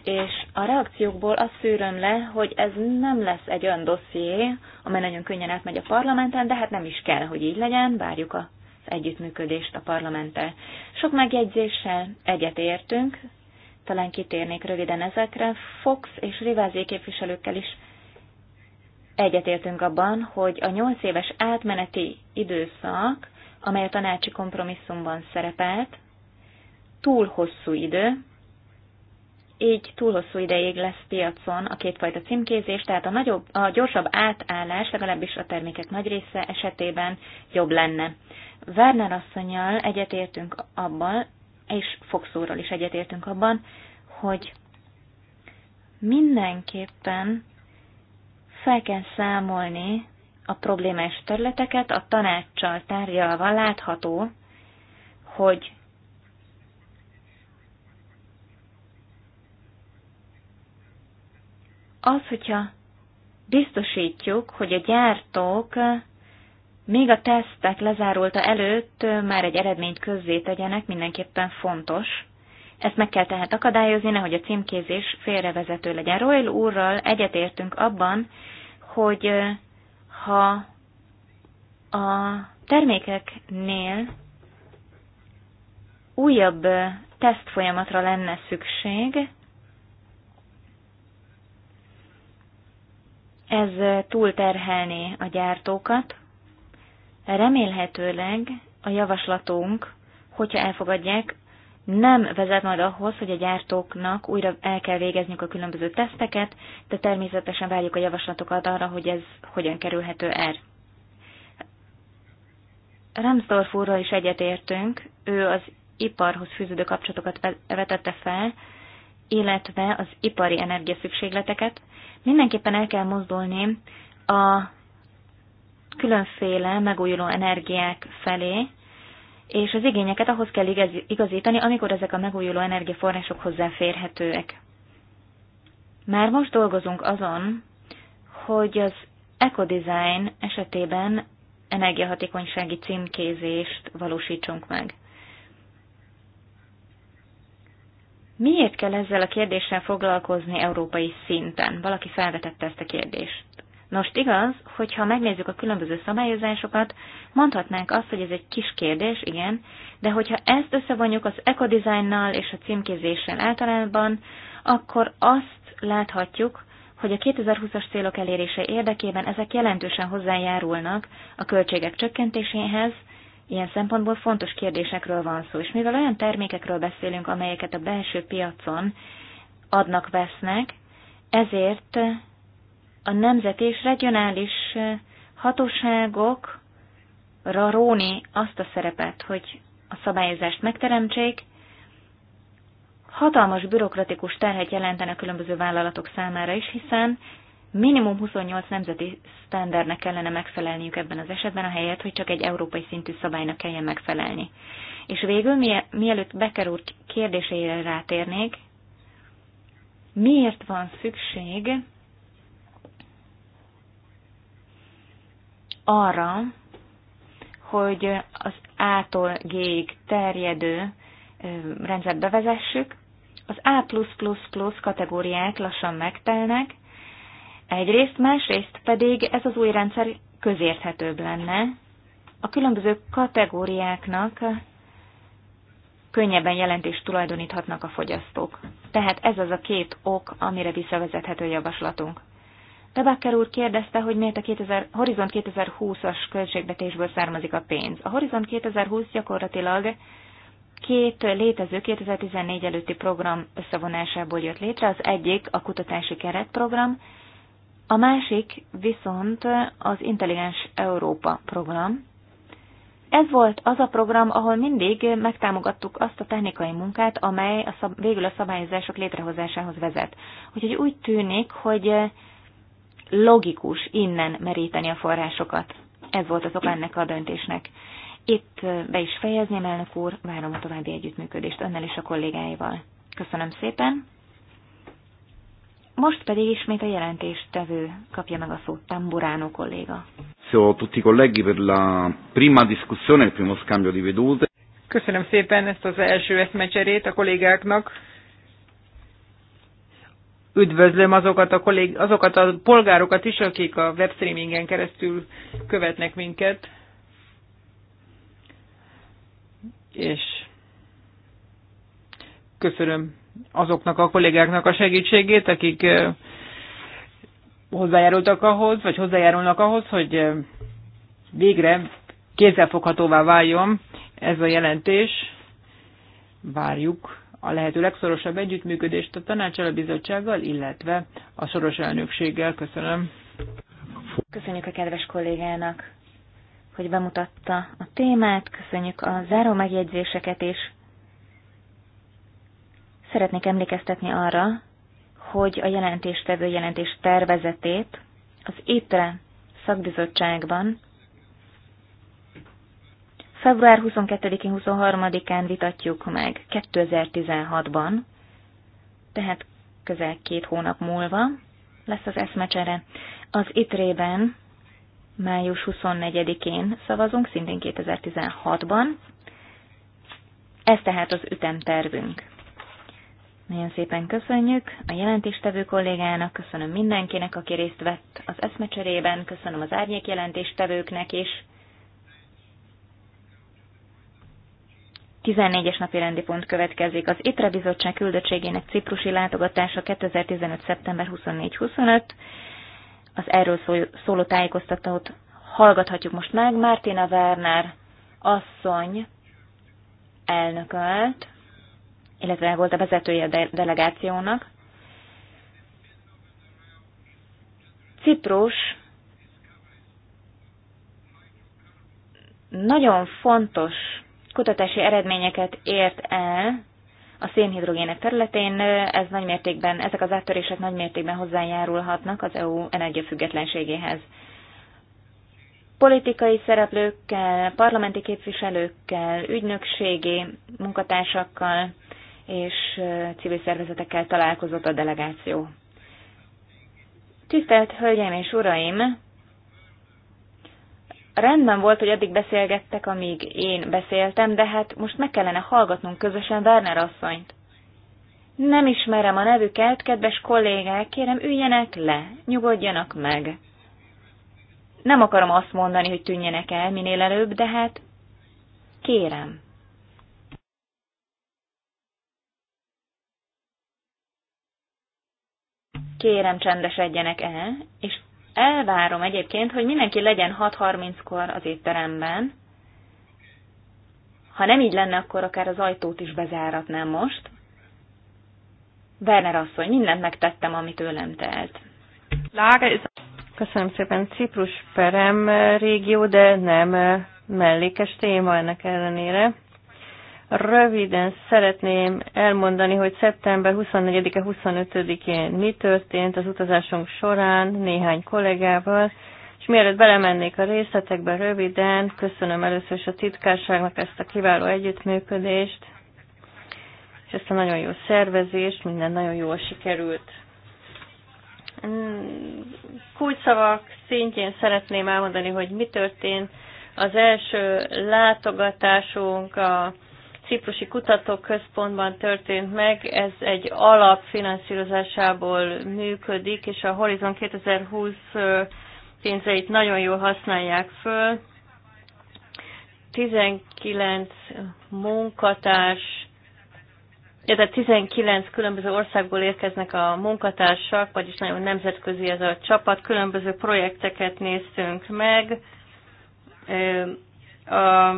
Speaker 1: és a reakciókból azt szűröm le, hogy ez nem lesz egy olyan dosszié, amely nagyon könnyen átmegy a parlamenten, de hát nem is kell, hogy így legyen, várjuk az együttműködést a parlamenttel. Sok megjegyzéssel egyetértünk, talán kitérnék röviden ezekre, Fox és Rivázi képviselőkkel is egyetértünk abban, hogy a nyolc éves átmeneti időszak, amely a tanácsi kompromisszumban szerepelt, túl hosszú idő, így túl hosszú ideig lesz piacon a kétfajta címkézés, tehát a, nagyobb, a gyorsabb átállás legalábbis a termékek nagy része esetében jobb lenne. Werner asszonyjal egyetértünk abban, és Foxóról is egyetértünk abban, hogy mindenképpen fel kell számolni a problémás területeket, a tanácssal tárgyalva látható, hogy az, hogyha biztosítjuk, hogy a gyártók még a tesztek lezárulta előtt már egy eredményt közzé tegyenek, mindenképpen fontos. Ezt meg kell tehát akadályozni, nehogy a címkézés félrevezető legyen. Royal úrral egyetértünk abban, hogy ha a termékeknél újabb teszt folyamatra lenne szükség, ez túlterhelné a gyártókat. Remélhetőleg a javaslatunk, hogyha elfogadják, nem vezet majd ahhoz, hogy a gyártóknak újra el kell végezniük a különböző teszteket, de természetesen várjuk a javaslatokat arra, hogy ez hogyan kerülhető el. Ramsdorf úrral is egyetértünk, ő az iparhoz fűződő kapcsolatokat vetette fel, illetve az ipari szükségleteket. Mindenképpen el kell mozdulni a különféle megújuló energiák felé, és az igényeket ahhoz kell igazítani, amikor ezek a megújuló energiaforrások hozzáférhetőek. Már most dolgozunk azon, hogy az ecodesign esetében energiahatékonysági címkézést valósítsunk meg. Miért kell ezzel a kérdéssel foglalkozni európai szinten? Valaki felvetette ezt a kérdést. Most igaz, hogyha megnézzük a különböző szabályozásokat, mondhatnánk azt, hogy ez egy kis kérdés, igen, de hogyha ezt összevonjuk az ekodizájnnal és a címkézéssel általában, akkor azt láthatjuk, hogy a 2020-as célok elérése érdekében ezek jelentősen hozzájárulnak a költségek csökkentéséhez, Ilyen szempontból fontos kérdésekről van szó, és mivel olyan termékekről beszélünk, amelyeket a belső piacon adnak-vesznek, ezért a nemzet és regionális hatóságok róni azt a szerepet, hogy a szabályozást megteremtsék, hatalmas bürokratikus terhet jelentene a különböző vállalatok számára is, hiszen minimum 28 nemzeti sztendernek kellene megfelelniük ebben az esetben, a helyet, hogy csak egy európai szintű szabálynak kelljen megfelelni. És végül, mielőtt Becker úr kérdésére rátérnék, miért van szükség arra, hogy az A-tól G-ig terjedő rendszert bevezessük. Az A+++ kategóriák lassan megtelnek, egyrészt, másrészt pedig ez az új rendszer közérthetőbb lenne. A különböző kategóriáknak könnyebben jelentést tulajdoníthatnak a fogyasztók. Tehát ez az a két ok, amire visszavezethető javaslatunk. Debakker úr kérdezte, hogy miért a 2000, Horizont 2020-as költségvetésből származik a pénz. A Horizont 2020 gyakorlatilag két létező 2014 előtti program összevonásából jött létre. Az egyik a kutatási keretprogram, a másik viszont az Intelligens Európa program. Ez volt az a program, ahol mindig megtámogattuk azt a technikai munkát, amely a szab- végül a szabályozások létrehozásához vezet. Úgyhogy úgy tűnik, hogy logikus innen meríteni a forrásokat. Ez volt az oka ennek a döntésnek. Itt be is fejezném, elnök úr, várom a további együttműködést önnel és a kollégáival. Köszönöm szépen. Most pedig ismét a tevő kapja meg a szót Tamburano kolléga.
Speaker 2: tutti colleghi per la prima discussione, il primo scambio di vedute.
Speaker 3: Köszönöm szépen ezt az első eszmecserét a kollégáknak üdvözlöm azokat a, kollég, azokat a polgárokat is, akik a webstreamingen keresztül követnek minket. És köszönöm azoknak a kollégáknak a segítségét, akik hozzájárultak ahhoz, vagy hozzájárulnak ahhoz, hogy végre kézzelfoghatóvá váljon ez a jelentés. Várjuk a lehető legszorosabb együttműködést a tanácsal, bizottsággal, illetve a soros elnökséggel. Köszönöm.
Speaker 1: Köszönjük a kedves kollégának, hogy bemutatta a témát, köszönjük a záró megjegyzéseket, és szeretnék emlékeztetni arra, hogy a jelentéstevő jelentés tervezetét az étre szakbizottságban Február 22-én, 23-án vitatjuk meg 2016-ban, tehát közel két hónap múlva lesz az eszmecsere. Az ITRE-ben május 24-én szavazunk, szintén 2016-ban. Ez tehát az ütemtervünk. Nagyon szépen köszönjük a jelentéstevő kollégának, köszönöm mindenkinek, aki részt vett az eszmecserében, köszönöm az árnyék jelentéstevőknek is. 14-es napi rendi pont következik. Az ITRE bizottság küldöttségének ciprusi látogatása 2015. szeptember 24-25. Az erről szóló tájékoztatót hallgathatjuk most meg. Mártina Werner asszony elnökölt, illetve volt a vezetője a de delegációnak. Ciprus nagyon fontos kutatási eredményeket ért el a szénhidrogének területén, ez nagymértékben, ezek az áttörések nagymértékben hozzájárulhatnak az EU energiafüggetlenségéhez. Politikai szereplőkkel, parlamenti képviselőkkel, ügynökségi munkatársakkal és civil szervezetekkel találkozott a delegáció. Tisztelt Hölgyeim és Uraim! rendben volt, hogy addig beszélgettek, amíg én beszéltem, de hát most meg kellene hallgatnunk közösen Werner asszonyt. Nem ismerem a nevüket, kedves kollégák, kérem üljenek le, nyugodjanak meg. Nem akarom azt mondani, hogy tűnjenek el minél előbb, de hát kérem. Kérem csendesedjenek el, és Elvárom egyébként, hogy mindenki legyen 6.30-kor az étteremben. Ha nem így lenne, akkor akár az ajtót is bezáratnám most. Werner asszony, mindent megtettem, amit tőlem telt. Köszönöm szépen. Ciprus perem eh, régió,
Speaker 2: de nem eh, mellékes téma ennek ellenére. Röviden szeretném elmondani, hogy szeptember 24-e 25-én mi történt az utazásunk során néhány kollégával, és mielőtt belemennék a részletekbe röviden, köszönöm először is a titkárságnak ezt a kiváló együttműködést, és ezt a nagyon jó szervezést, minden nagyon jól sikerült. Kulcsszavak szintjén szeretném elmondani, hogy mi történt. Az első látogatásunk a Ciprusi Kutatóközpontban történt meg, ez egy alapfinanszírozásából működik, és a Horizon 2020 pénzeit nagyon jól használják föl. 19 munkatárs, tehát 19 különböző országból érkeznek a munkatársak, vagyis nagyon nemzetközi ez a csapat, különböző projekteket néztünk meg. A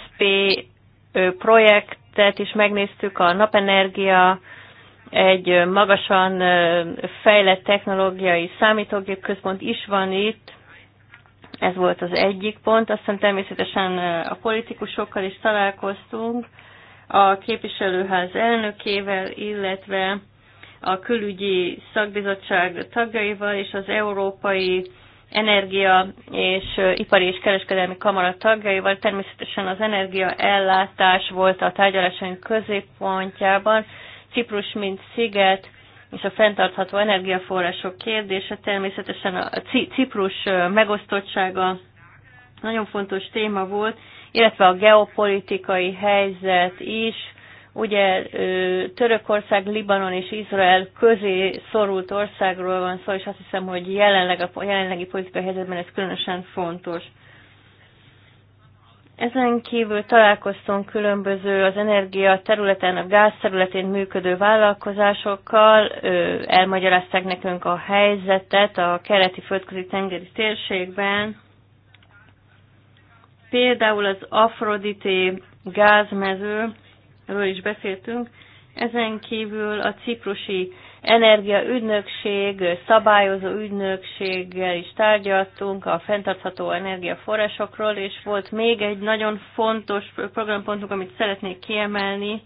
Speaker 2: SP projektet is megnéztük, a napenergia, egy magasan fejlett technológiai számítógép központ is van itt, ez volt az egyik pont. Aztán természetesen a politikusokkal is találkoztunk, a képviselőház elnökével, illetve a külügyi szakbizottság tagjaival és az európai energia és ipari és kereskedelmi kamara tagjaival. Természetesen az energia ellátás volt a tárgyalásaink középpontjában. Ciprus, mint sziget, és a fenntartható energiaforrások kérdése, természetesen a Ciprus megosztottsága nagyon fontos téma volt, illetve a geopolitikai helyzet is, Ugye Törökország, Libanon és Izrael közé szorult országról van szó, és azt hiszem, hogy jelenleg a jelenlegi politikai helyzetben ez különösen fontos. Ezen kívül találkoztunk különböző az energia területen, a gáz területén működő vállalkozásokkal, elmagyarázták nekünk a helyzetet a keleti földközi tengeri térségben. Például az Afrodité gázmező ről is beszéltünk. Ezen kívül a ciprusi energia ügynökség, szabályozó ügynökséggel is tárgyaltunk a fenntartható energiaforrásokról, és volt még egy nagyon fontos programpontunk, amit szeretnék kiemelni.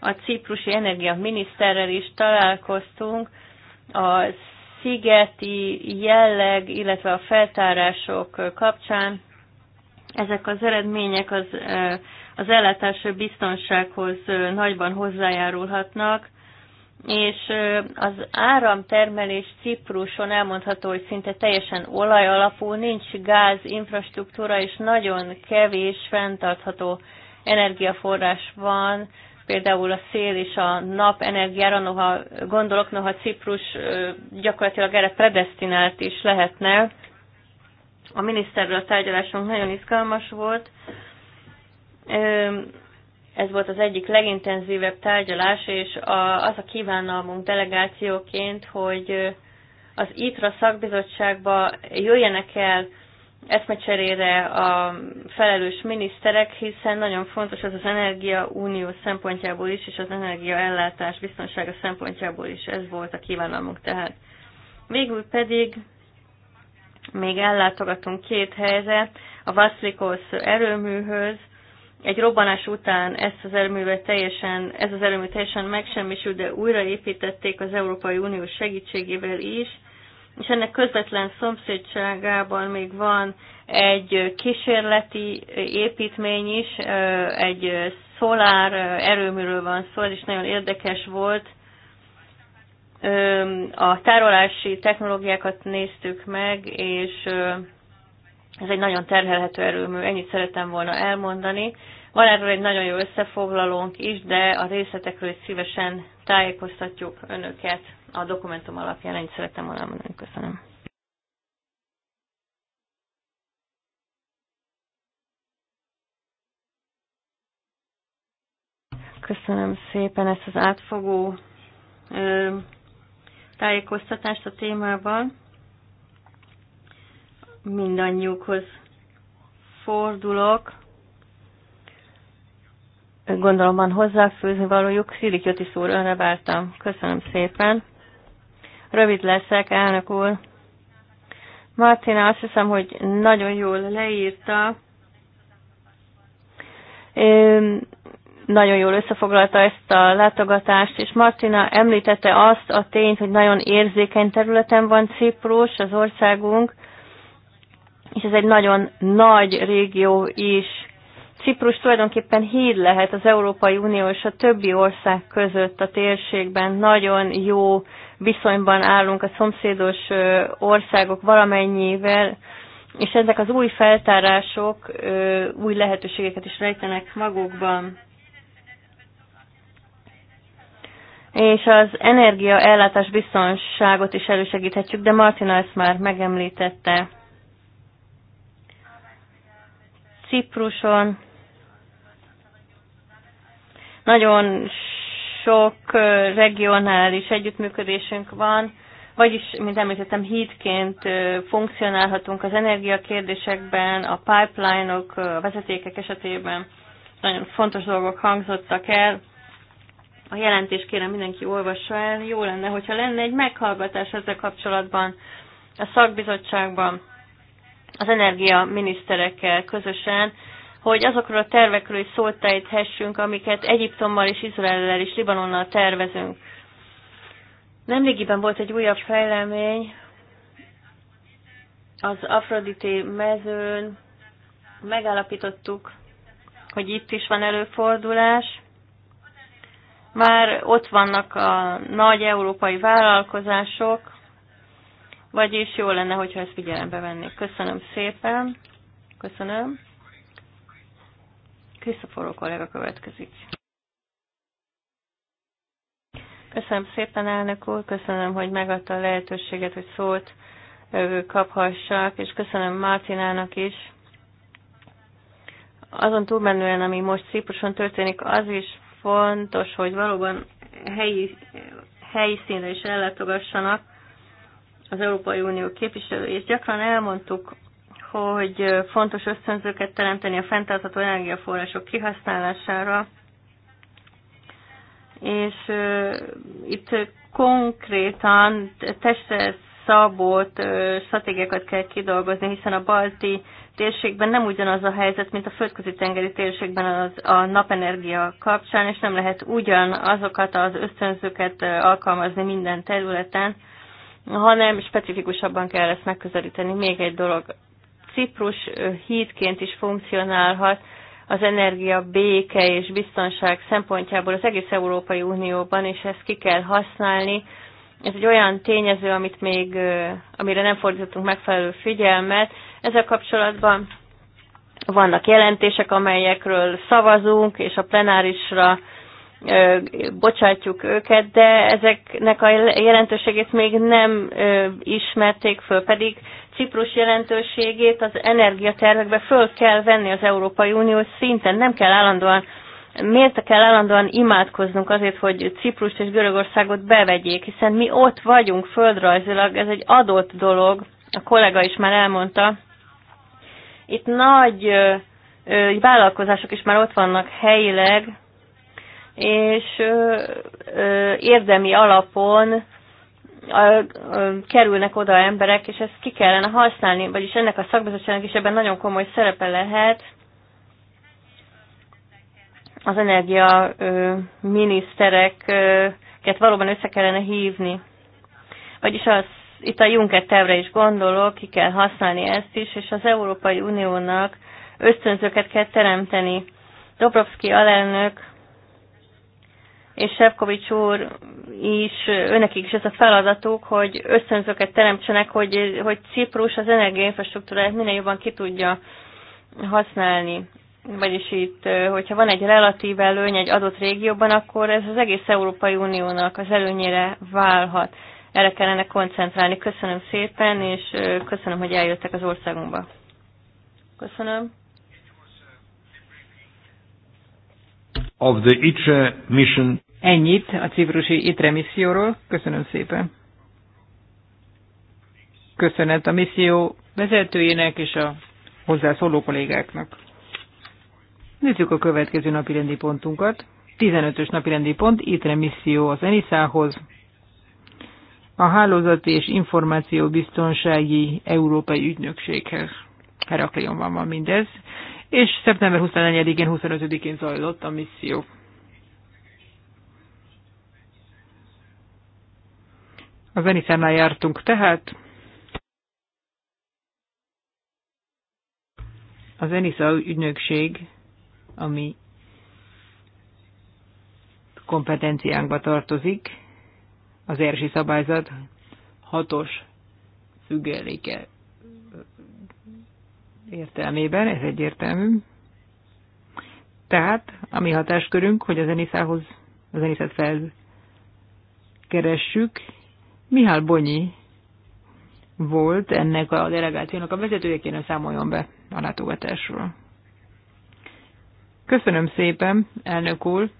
Speaker 2: A ciprusi energiaminiszterrel is találkoztunk. A szigeti jelleg, illetve a feltárások kapcsán ezek az eredmények az eh, az ellátási biztonsághoz nagyban hozzájárulhatnak, és az áramtermelés Cipruson elmondható, hogy szinte teljesen olaj alapú, nincs gáz infrastruktúra, és nagyon kevés fenntartható energiaforrás van, például a szél és a nap energiára, noha gondolok, noha Ciprus gyakorlatilag erre predestinált is lehetne. A miniszterről a tárgyalásunk nagyon izgalmas volt, ez volt az egyik legintenzívebb tárgyalás, és az a kívánalmunk delegációként, hogy az ITRA szakbizottságba jöjjenek el eszmecserére a felelős miniszterek, hiszen nagyon fontos az az Energia Unió szempontjából is, és az energiaellátás biztonsága szempontjából is ez volt a kívánalmunk tehát. Végül pedig még ellátogatunk két helyre, a Vaszlikósz erőműhöz, egy robbanás után ezt az erőművet teljesen, ez az erőmű teljesen megsemmisült, de újraépítették az Európai Unió segítségével is, és ennek közvetlen szomszédságában még van egy kísérleti építmény is, egy szolár erőműről van szó, és nagyon érdekes volt. A tárolási technológiákat néztük meg, és ez egy nagyon terhelhető erőmű, ennyit szeretem volna elmondani. Van erről egy nagyon jó összefoglalónk is, de a részletekről is szívesen tájékoztatjuk önöket a dokumentum alapján. Ennyit szeretem volna elmondani. Köszönöm. Köszönöm szépen ezt az átfogó tájékoztatást a témában mindannyiukhoz fordulok. Gondolom van hozzáfőzni valójuk. Szilik Jöti úr, önre vártam. Köszönöm szépen. Rövid leszek, elnök úr. Martina azt hiszem, hogy nagyon jól leírta. Én nagyon jól összefoglalta ezt a látogatást, és Martina említette azt a tényt, hogy nagyon érzékeny területen van Ciprus, az országunk, és ez egy nagyon nagy régió is. Ciprus tulajdonképpen híd lehet az Európai Unió és a többi ország között a térségben. Nagyon jó viszonyban állunk a szomszédos országok valamennyivel, és ezek az új feltárások új lehetőségeket is rejtenek magukban. És az energiaellátás biztonságot is elősegíthetjük, de Martina ezt már megemlítette. Cipruson. Nagyon sok regionális együttműködésünk van, vagyis, mint említettem, hídként funkcionálhatunk az energiakérdésekben, a pipeline-ok, -ok, a vezetékek esetében. Nagyon fontos dolgok hangzottak el. A jelentés kérem mindenki olvassa el. Jó lenne, hogyha lenne egy meghallgatás ezzel kapcsolatban a szakbizottságban az energia miniszterekkel közösen, hogy azokról a tervekről is szóltájthessünk, amiket Egyiptommal és Izraellel és Libanonnal tervezünk. Nemrégiben volt egy újabb fejlemény az Afrodité mezőn. Megállapítottuk, hogy itt is van előfordulás. Már ott vannak a nagy európai vállalkozások, vagyis jó lenne, hogyha ezt figyelembe vennék. Köszönöm szépen. Köszönöm. Krisztoforó kollega következik. Köszönöm szépen, elnök úr, köszönöm, hogy megadta a lehetőséget, hogy szót kaphassak, és köszönöm Martinának is. Azon túlmenően, ami most Cipruson történik, az is fontos, hogy valóban helyi, helyi színre is ellátogassanak, az Európai Unió képviselői, és gyakran elmondtuk, hogy fontos ösztönzőket teremteni a fenntartható energiaforrások kihasználására, és itt konkrétan testre szabott stratégiákat kell kidolgozni, hiszen a balti térségben nem ugyanaz a helyzet, mint a földközi tengeri térségben az, a napenergia kapcsán, és nem lehet ugyanazokat az ösztönzőket alkalmazni minden területen, hanem specifikusabban kell ezt megközelíteni. Még egy dolog, Ciprus hídként is funkcionálhat az energia béke és biztonság szempontjából az egész Európai Unióban, és ezt ki kell használni. Ez egy olyan tényező, amit még, amire nem fordítottunk megfelelő figyelmet. Ezzel kapcsolatban vannak jelentések, amelyekről szavazunk, és a plenárisra bocsátjuk őket, de ezeknek a jelentőségét még nem ismerték föl, pedig Ciprus jelentőségét az energiatervekbe föl kell venni az Európai Unió szinten, nem kell állandóan miért kell állandóan imádkoznunk azért, hogy Ciprus és Görögországot bevegyék, hiszen mi ott vagyunk földrajzilag, ez egy adott dolog, a kollega is már elmondta. Itt nagy ö, ö, vállalkozások is már ott vannak helyileg, és érdemi alapon kerülnek oda emberek, és ezt ki kellene használni, vagyis ennek a szakbizottságnak is ebben nagyon komoly szerepe lehet, az energiaminisztereket minisztereket valóban össze kellene hívni. Vagyis az, itt a Juncker tervre is gondolok, ki kell használni ezt is, és az Európai Uniónak ösztönzőket kell teremteni. Dobrovszki alelnök és Sefkovics úr is, önnek is ez a feladatuk, hogy összönzőket teremtsenek, hogy, hogy Ciprus az energiainfrastruktúráját minél jobban ki tudja használni. Vagyis itt, hogyha van egy relatív előny egy adott régióban, akkor ez az egész Európai Uniónak az előnyére válhat. Erre kellene koncentrálni. Köszönöm szépen, és köszönöm, hogy eljöttek az országunkba. Köszönöm. Of the ICE mission
Speaker 3: Ennyit a ciprusi ITRE misszióról. Köszönöm szépen. Köszönet a misszió vezetőjének és a hozzászóló kollégáknak. Nézzük a következő napirendi pontunkat. 15-ös napirendi pont, ITRE misszió az ENISZÁhoz. A Hálózati és Információbiztonsági Európai Ügynökséghez. Heraklionban van mindez. És szeptember 24-én, 25-én zajlott a misszió. A zenitánál jártunk tehát. Az Enisza ügynökség, ami kompetenciánkba tartozik, az ERSI szabályzat hatos függeléke értelmében, ez egyértelmű. Tehát a mi hatáskörünk, hogy a zeniszához, az zeniszet felkeressük, Mihály Bonyi volt ennek a delegációnak a vezetője, kéne számoljon be a látogatásról. Köszönöm szépen, elnök úr!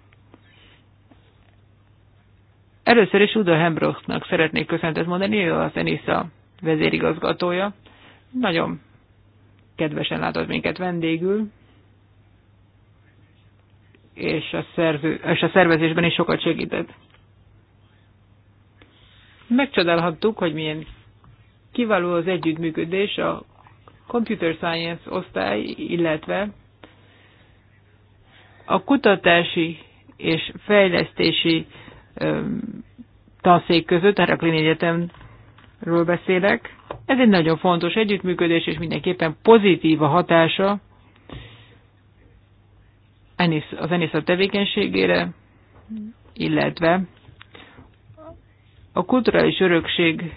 Speaker 3: Először is Uda Hembrochtnak szeretnék köszöntet mondani, ő az Fenisza vezérigazgatója. Nagyon kedvesen látott minket vendégül, és a, szervő, és a szervezésben is sokat segített megcsodálhattuk, hogy milyen kiváló az együttműködés a Computer Science osztály, illetve a kutatási és fejlesztési tanszék között, Heraklin Egyetemről beszélek. Ez egy nagyon fontos együttműködés, és mindenképpen pozitív a hatása az Enisza tevékenységére, illetve a kulturális örökség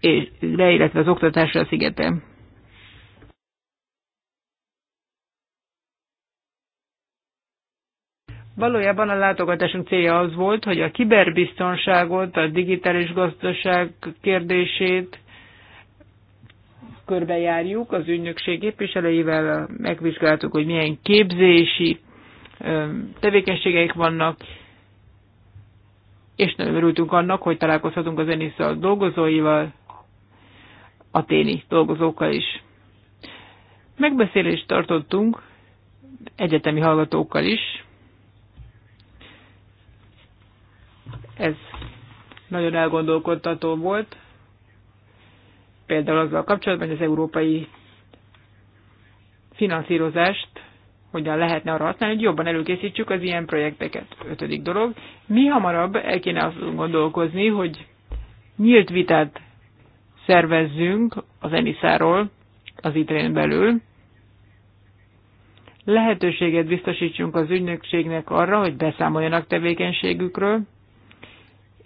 Speaker 3: és leilletve az oktatásra a szigetem. Valójában a látogatásunk célja az volt, hogy a kiberbiztonságot, a digitális gazdaság kérdését körbejárjuk az ügynökség képviselőivel, megvizsgáltuk, hogy milyen képzési tevékenységeik vannak, és nagyon örültünk annak, hogy találkozhatunk az Enisza dolgozóival, téni dolgozókkal is. Megbeszélést tartottunk egyetemi hallgatókkal is. Ez nagyon elgondolkodtató volt. Például azzal kapcsolatban, hogy az európai finanszírozást hogyan lehetne arra használni, hogy jobban előkészítsük az ilyen projekteket. Ötödik dolog. Mi hamarabb el kéne azt gondolkozni, hogy nyílt vitát szervezzünk az Eniszáról az ITREN belül. Lehetőséget biztosítsunk az ügynökségnek arra, hogy beszámoljanak tevékenységükről,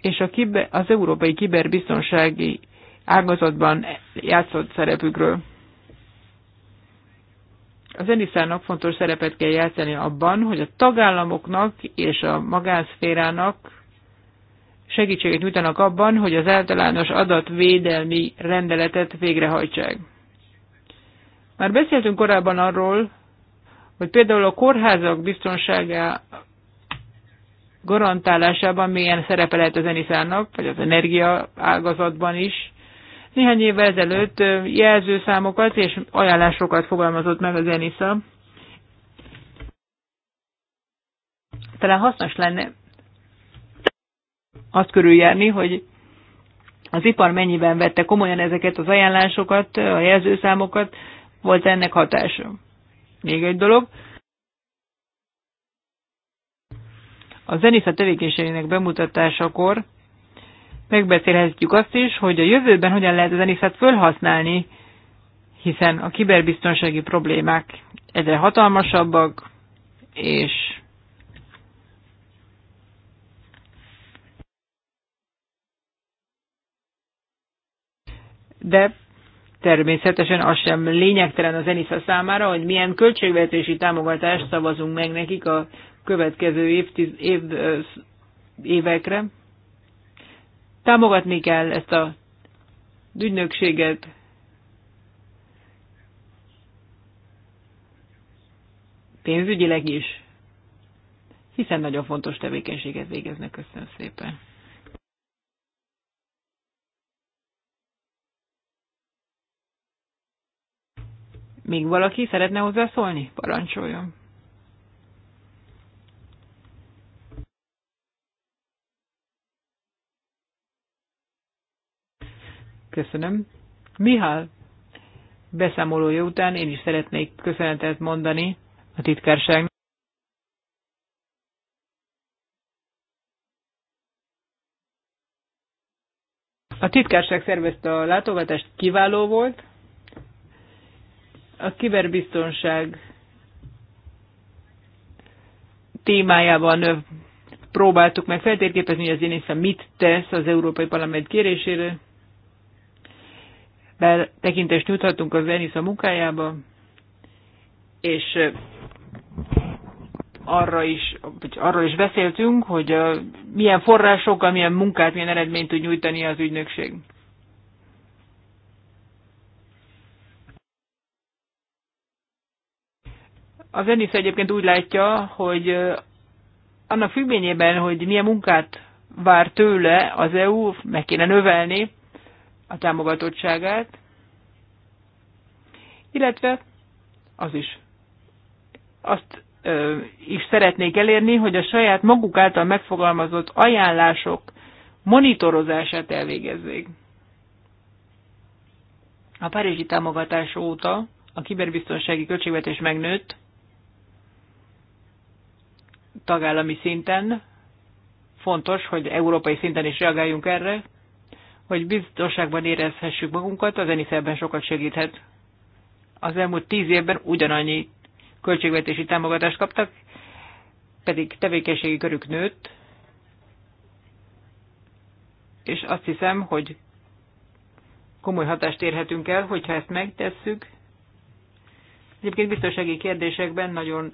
Speaker 3: és a kiber, az európai kiberbiztonsági ágazatban játszott szerepükről az Eniszának fontos szerepet kell játszani abban, hogy a tagállamoknak és a magánszférának segítséget nyújtanak abban, hogy az általános adatvédelmi rendeletet végrehajtsák. Már beszéltünk korábban arról, hogy például a kórházak biztonsága garantálásában milyen szerepe lehet az Eniszának, vagy az energia ágazatban is. Néhány évvel ezelőtt jelzőszámokat és ajánlásokat fogalmazott meg az ENISA. Talán hasznos lenne azt körüljárni, hogy az ipar mennyiben vette komolyan ezeket az ajánlásokat, a jelzőszámokat, volt ennek hatása. Még egy dolog. A zenisza tevékenységének bemutatásakor megbeszélhetjük azt is, hogy a jövőben hogyan lehet az Enisát fölhasználni, hiszen a kiberbiztonsági problémák egyre hatalmasabbak, és de természetesen az sem lényegtelen az ENISZA számára, hogy milyen költségvetési támogatást szavazunk meg nekik a következő évtiz, év, évekre. Támogatni kell ezt a ügynökséget. Pénzügyileg is. Hiszen nagyon fontos tevékenységet végeznek. Köszönöm szépen. Még valaki szeretne hozzászólni? Parancsoljon. Köszönöm. Mihály, beszámolója után én is szeretnék köszönetet mondani a titkárságnak. A titkárság szervezte a látogatást, kiváló volt. A kiberbiztonság témájában próbáltuk meg feltérképezni, hogy az én mit tesz az Európai Parlament kérésére betekintést nyújthatunk az Enisza munkájába, és arra is, vagy arról is beszéltünk, hogy milyen forrásokkal, milyen munkát, milyen eredményt tud nyújtani az ügynökség. Az ENISZ egyébként úgy látja, hogy annak függvényében, hogy milyen munkát vár tőle az EU, meg kéne növelni a támogatottságát, illetve az is azt ö, is szeretnék elérni, hogy a saját maguk által megfogalmazott ajánlások monitorozását elvégezzék. A párizsi támogatás óta a kiberbiztonsági költségvetés megnőtt tagállami szinten. Fontos, hogy európai szinten is reagáljunk erre hogy biztonságban érezhessük magunkat, az eniszerben sokat segíthet. Az elmúlt tíz évben ugyanannyi költségvetési támogatást kaptak, pedig tevékenységi körük nőtt, és azt hiszem, hogy komoly hatást érhetünk el, hogyha ezt megtesszük. Egyébként biztonsági kérdésekben nagyon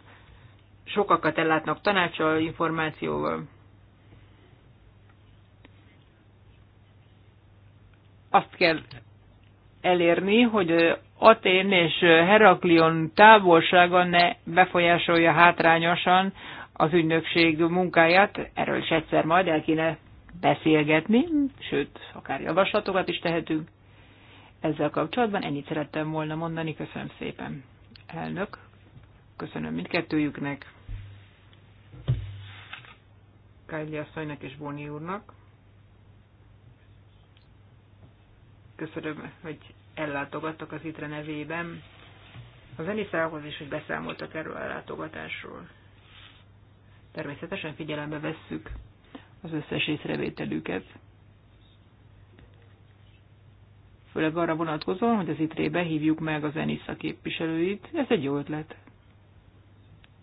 Speaker 3: sokakat ellátnak tanácsal, információval. azt kell elérni, hogy Atén és Heraklion távolsága ne befolyásolja hátrányosan az ügynökség munkáját. Erről is egyszer majd el kéne beszélgetni, sőt, akár javaslatokat is tehetünk. Ezzel kapcsolatban ennyit szerettem volna mondani. Köszönöm szépen, elnök. Köszönöm mindkettőjüknek. Kájli asszonynak és Bóni úrnak. Köszönöm, hogy ellátogattak az ITRE nevében. A Veniszához is, hogy beszámoltak erről a látogatásról. Természetesen figyelembe vesszük az összes észrevételüket. Főleg arra vonatkozóan, hogy az ITRE-be hívjuk meg az eni képviselőit. Ez egy jó ötlet.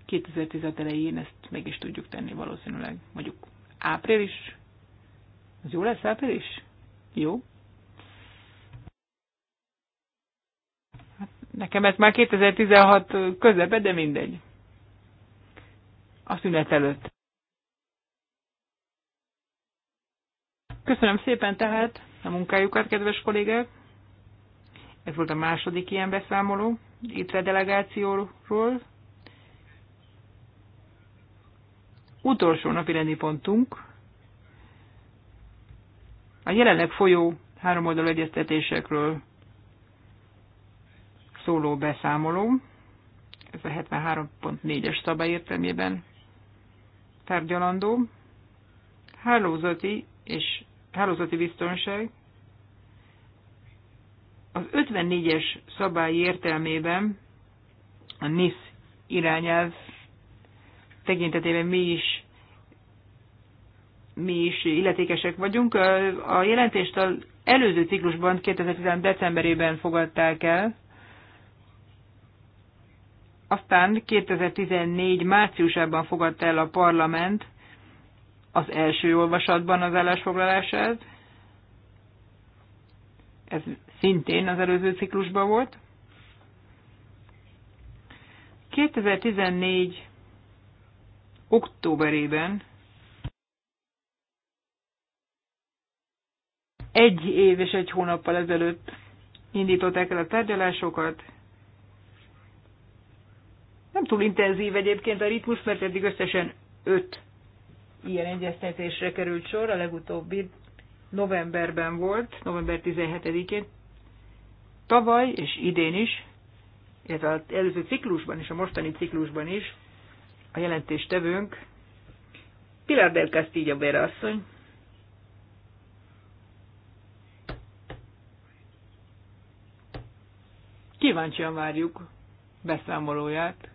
Speaker 3: 2010 elején ezt meg is tudjuk tenni valószínűleg. Mondjuk április. Az jó lesz április? Jó. Nekem ez már 2016 közepe, de mindegy. A szünet előtt. Köszönöm szépen tehát a munkájukat, kedves kollégák. Ez volt a második ilyen beszámoló itt a delegációról. Utolsó napi rendi pontunk. A jelenleg folyó oldal egyeztetésekről szóló beszámoló, ez a 73.4-es szabály értelmében tárgyalandó, hálózati és hálózati biztonság, az 54-es szabály értelmében a NISZ irányelv tekintetében mi is mi is illetékesek vagyunk. A jelentést az előző ciklusban 2010. decemberében fogadták el, aztán 2014 márciusában fogadta el a parlament az első olvasatban az állásfoglalását. Ez szintén az előző ciklusban volt. 2014 októberében egy év és egy hónappal ezelőtt indították el a tárgyalásokat, nem túl intenzív egyébként a ritmus, mert eddig összesen öt ilyen egyeztetésre került sor, a legutóbbi novemberben volt, november 17-én. Tavaly és idén is, illetve az előző ciklusban és a mostani ciklusban is a jelentéstevőnk Pilar del Castillo Vera asszony, Kíváncsian várjuk beszámolóját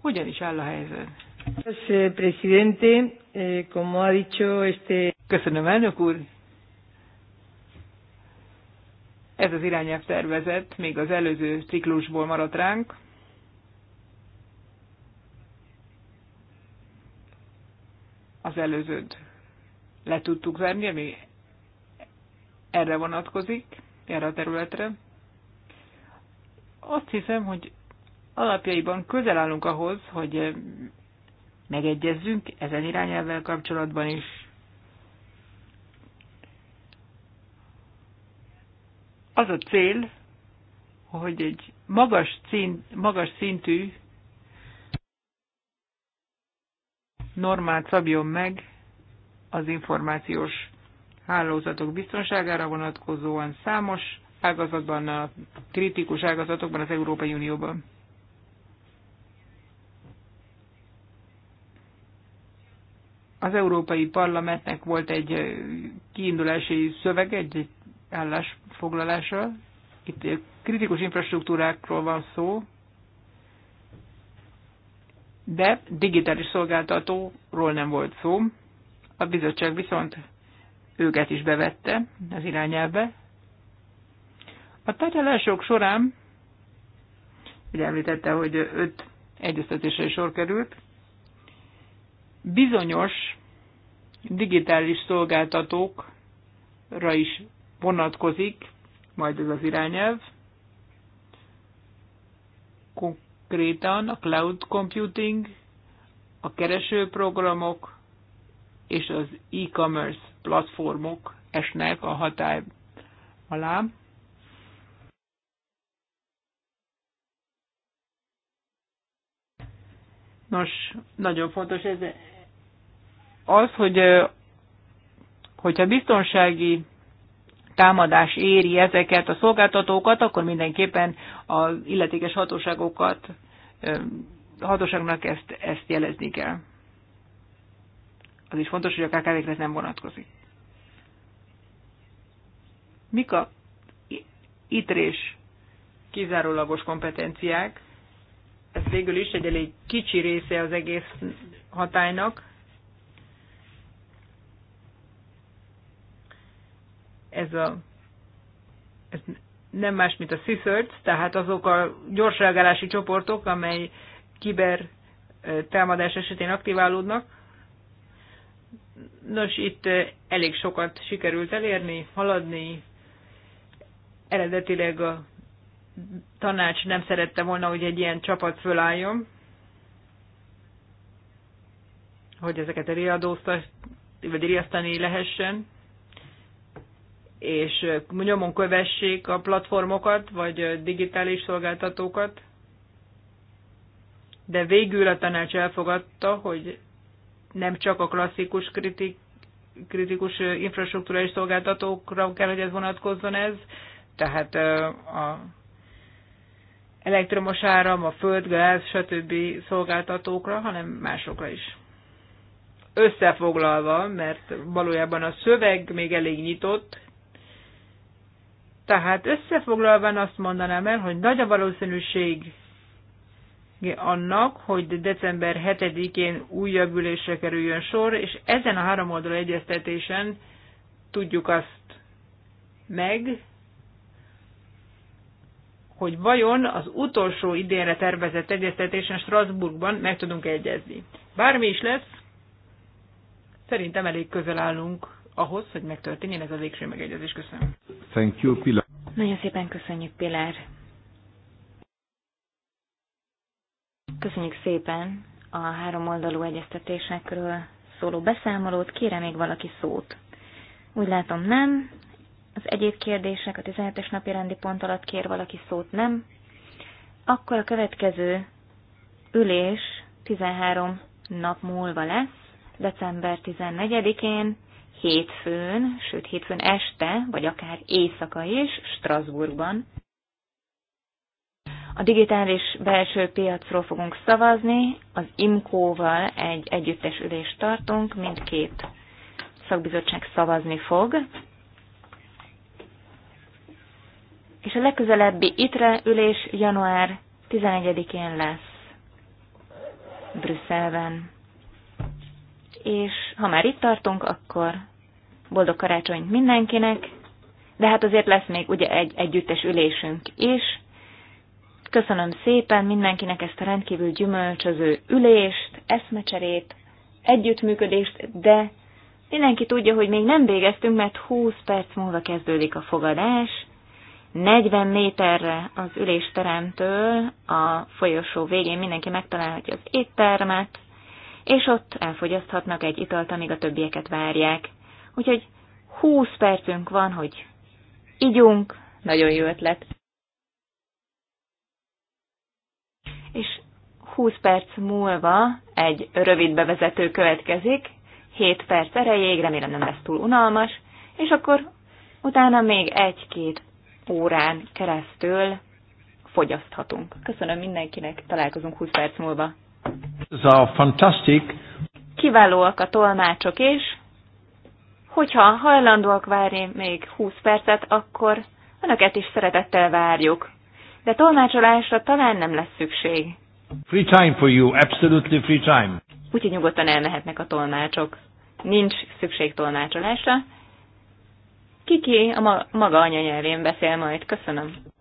Speaker 3: hogyan is áll a helyzet? Eh, Köszönöm, elnök úr. Ez az irányelv tervezet még az előző ciklusból maradt ránk. Az előzőt le tudtuk verni, ami erre vonatkozik, erre a területre. Azt hiszem, hogy alapjaiban közel állunk ahhoz, hogy eh, megegyezzünk ezen irányelvvel kapcsolatban is. Az a cél, hogy egy magas, szint, magas szintű normát szabjon meg az információs hálózatok biztonságára vonatkozóan számos ágazatban, a kritikus ágazatokban az Európai Unióban. Az Európai Parlamentnek volt egy kiindulási szöveg, egy állásfoglalása. Itt kritikus infrastruktúrákról van szó, de digitális szolgáltatóról nem volt szó. A bizottság viszont őket is bevette az irányelbe. A tárgyalások során, ugye említette, hogy öt egyeztetésre sor került, bizonyos digitális szolgáltatókra is vonatkozik, majd ez az irányelv. Konkrétan a cloud computing, a keresőprogramok és az e-commerce platformok
Speaker 1: esnek a hatály
Speaker 3: alá. Nos, nagyon fontos ez, az, hogy hogyha biztonsági támadás éri ezeket a szolgáltatókat, akkor mindenképpen az illetékes hatóságokat, hatóságnak ezt, ezt jelezni kell. Az is fontos, hogy a kkv ez nem vonatkozik. Mik a itrés kizárólagos kompetenciák? Ez végül is egy elég kicsi része az egész hatálynak, ez a ez nem más, mint a CISERT, tehát azok a gyorsreagálási csoportok, amely kiber támadás esetén aktiválódnak. Nos, itt elég sokat sikerült elérni, haladni. Eredetileg a tanács nem szerette volna, hogy egy ilyen csapat fölálljon, hogy ezeket riadóztat, vagy riasztani lehessen és nyomon kövessék a platformokat, vagy digitális szolgáltatókat. De végül a tanács elfogadta, hogy nem csak a klasszikus kritik, kritikus infrastruktúrális szolgáltatókra kell, hogy ez vonatkozzon ez, tehát a elektromos áram, a földgáz, stb. szolgáltatókra, hanem másokra is. Összefoglalva, mert valójában a szöveg még elég nyitott, tehát összefoglalva azt mondanám el, hogy nagy a valószínűség annak, hogy december 7-én újabb ülésre kerüljön sor, és ezen a három oldalú egyeztetésen tudjuk azt meg, hogy vajon az utolsó idénre tervezett egyeztetésen Strasbourgban meg tudunk egyezni. Bármi is lesz, szerintem elég közel állunk ahhoz, hogy megtörténjen ez a végső megegyezés. Köszönöm.
Speaker 2: Thank you, Pilar.
Speaker 3: Nagyon szépen
Speaker 1: köszönjük, Pilar. Köszönjük szépen a három oldalú egyeztetésekről szóló beszámolót. Kére még valaki szót? Úgy látom nem. Az egyéb kérdések a 17-es napi rendi pont alatt kér valaki szót nem. Akkor a következő ülés 13 nap múlva lesz, december 14-én, hétfőn, sőt hétfőn este, vagy akár éjszaka is Strasbourgban. A digitális belső piacról fogunk szavazni, az IMCO-val egy együttes ülést tartunk, mindkét szakbizottság szavazni fog. És a legközelebbi ITRE ülés január 11-én lesz Brüsszelben. És ha már itt tartunk, akkor Boldog karácsonyt mindenkinek, de hát azért lesz még ugye egy együttes ülésünk is. Köszönöm szépen mindenkinek ezt a rendkívül gyümölcsöző ülést, eszmecserét, együttműködést, de mindenki tudja, hogy még nem végeztünk, mert 20 perc múlva kezdődik a fogadás. 40 méterre az ülésteremtől a folyosó végén mindenki megtalálhatja az éttermet, és ott elfogyaszthatnak egy italt, amíg a többieket várják. Úgyhogy 20 percünk van, hogy igyunk. Nagyon jó ötlet. És 20 perc múlva egy rövid bevezető következik, 7 perc erejéig, remélem nem lesz túl unalmas, és akkor utána még egy-két órán keresztül fogyaszthatunk. Köszönöm mindenkinek, találkozunk 20 perc múlva. Kiválóak a tolmácsok is. Hogyha hajlandóak várni még 20 percet, akkor önöket is szeretettel várjuk. De tolmácsolásra talán nem lesz szükség. Free time for you, absolutely free time. Úgyhogy nyugodtan elmehetnek a tolmácsok. Nincs szükség tolmácsolásra.
Speaker 3: Kiki a ma maga anyanyelvén beszél majd. Köszönöm.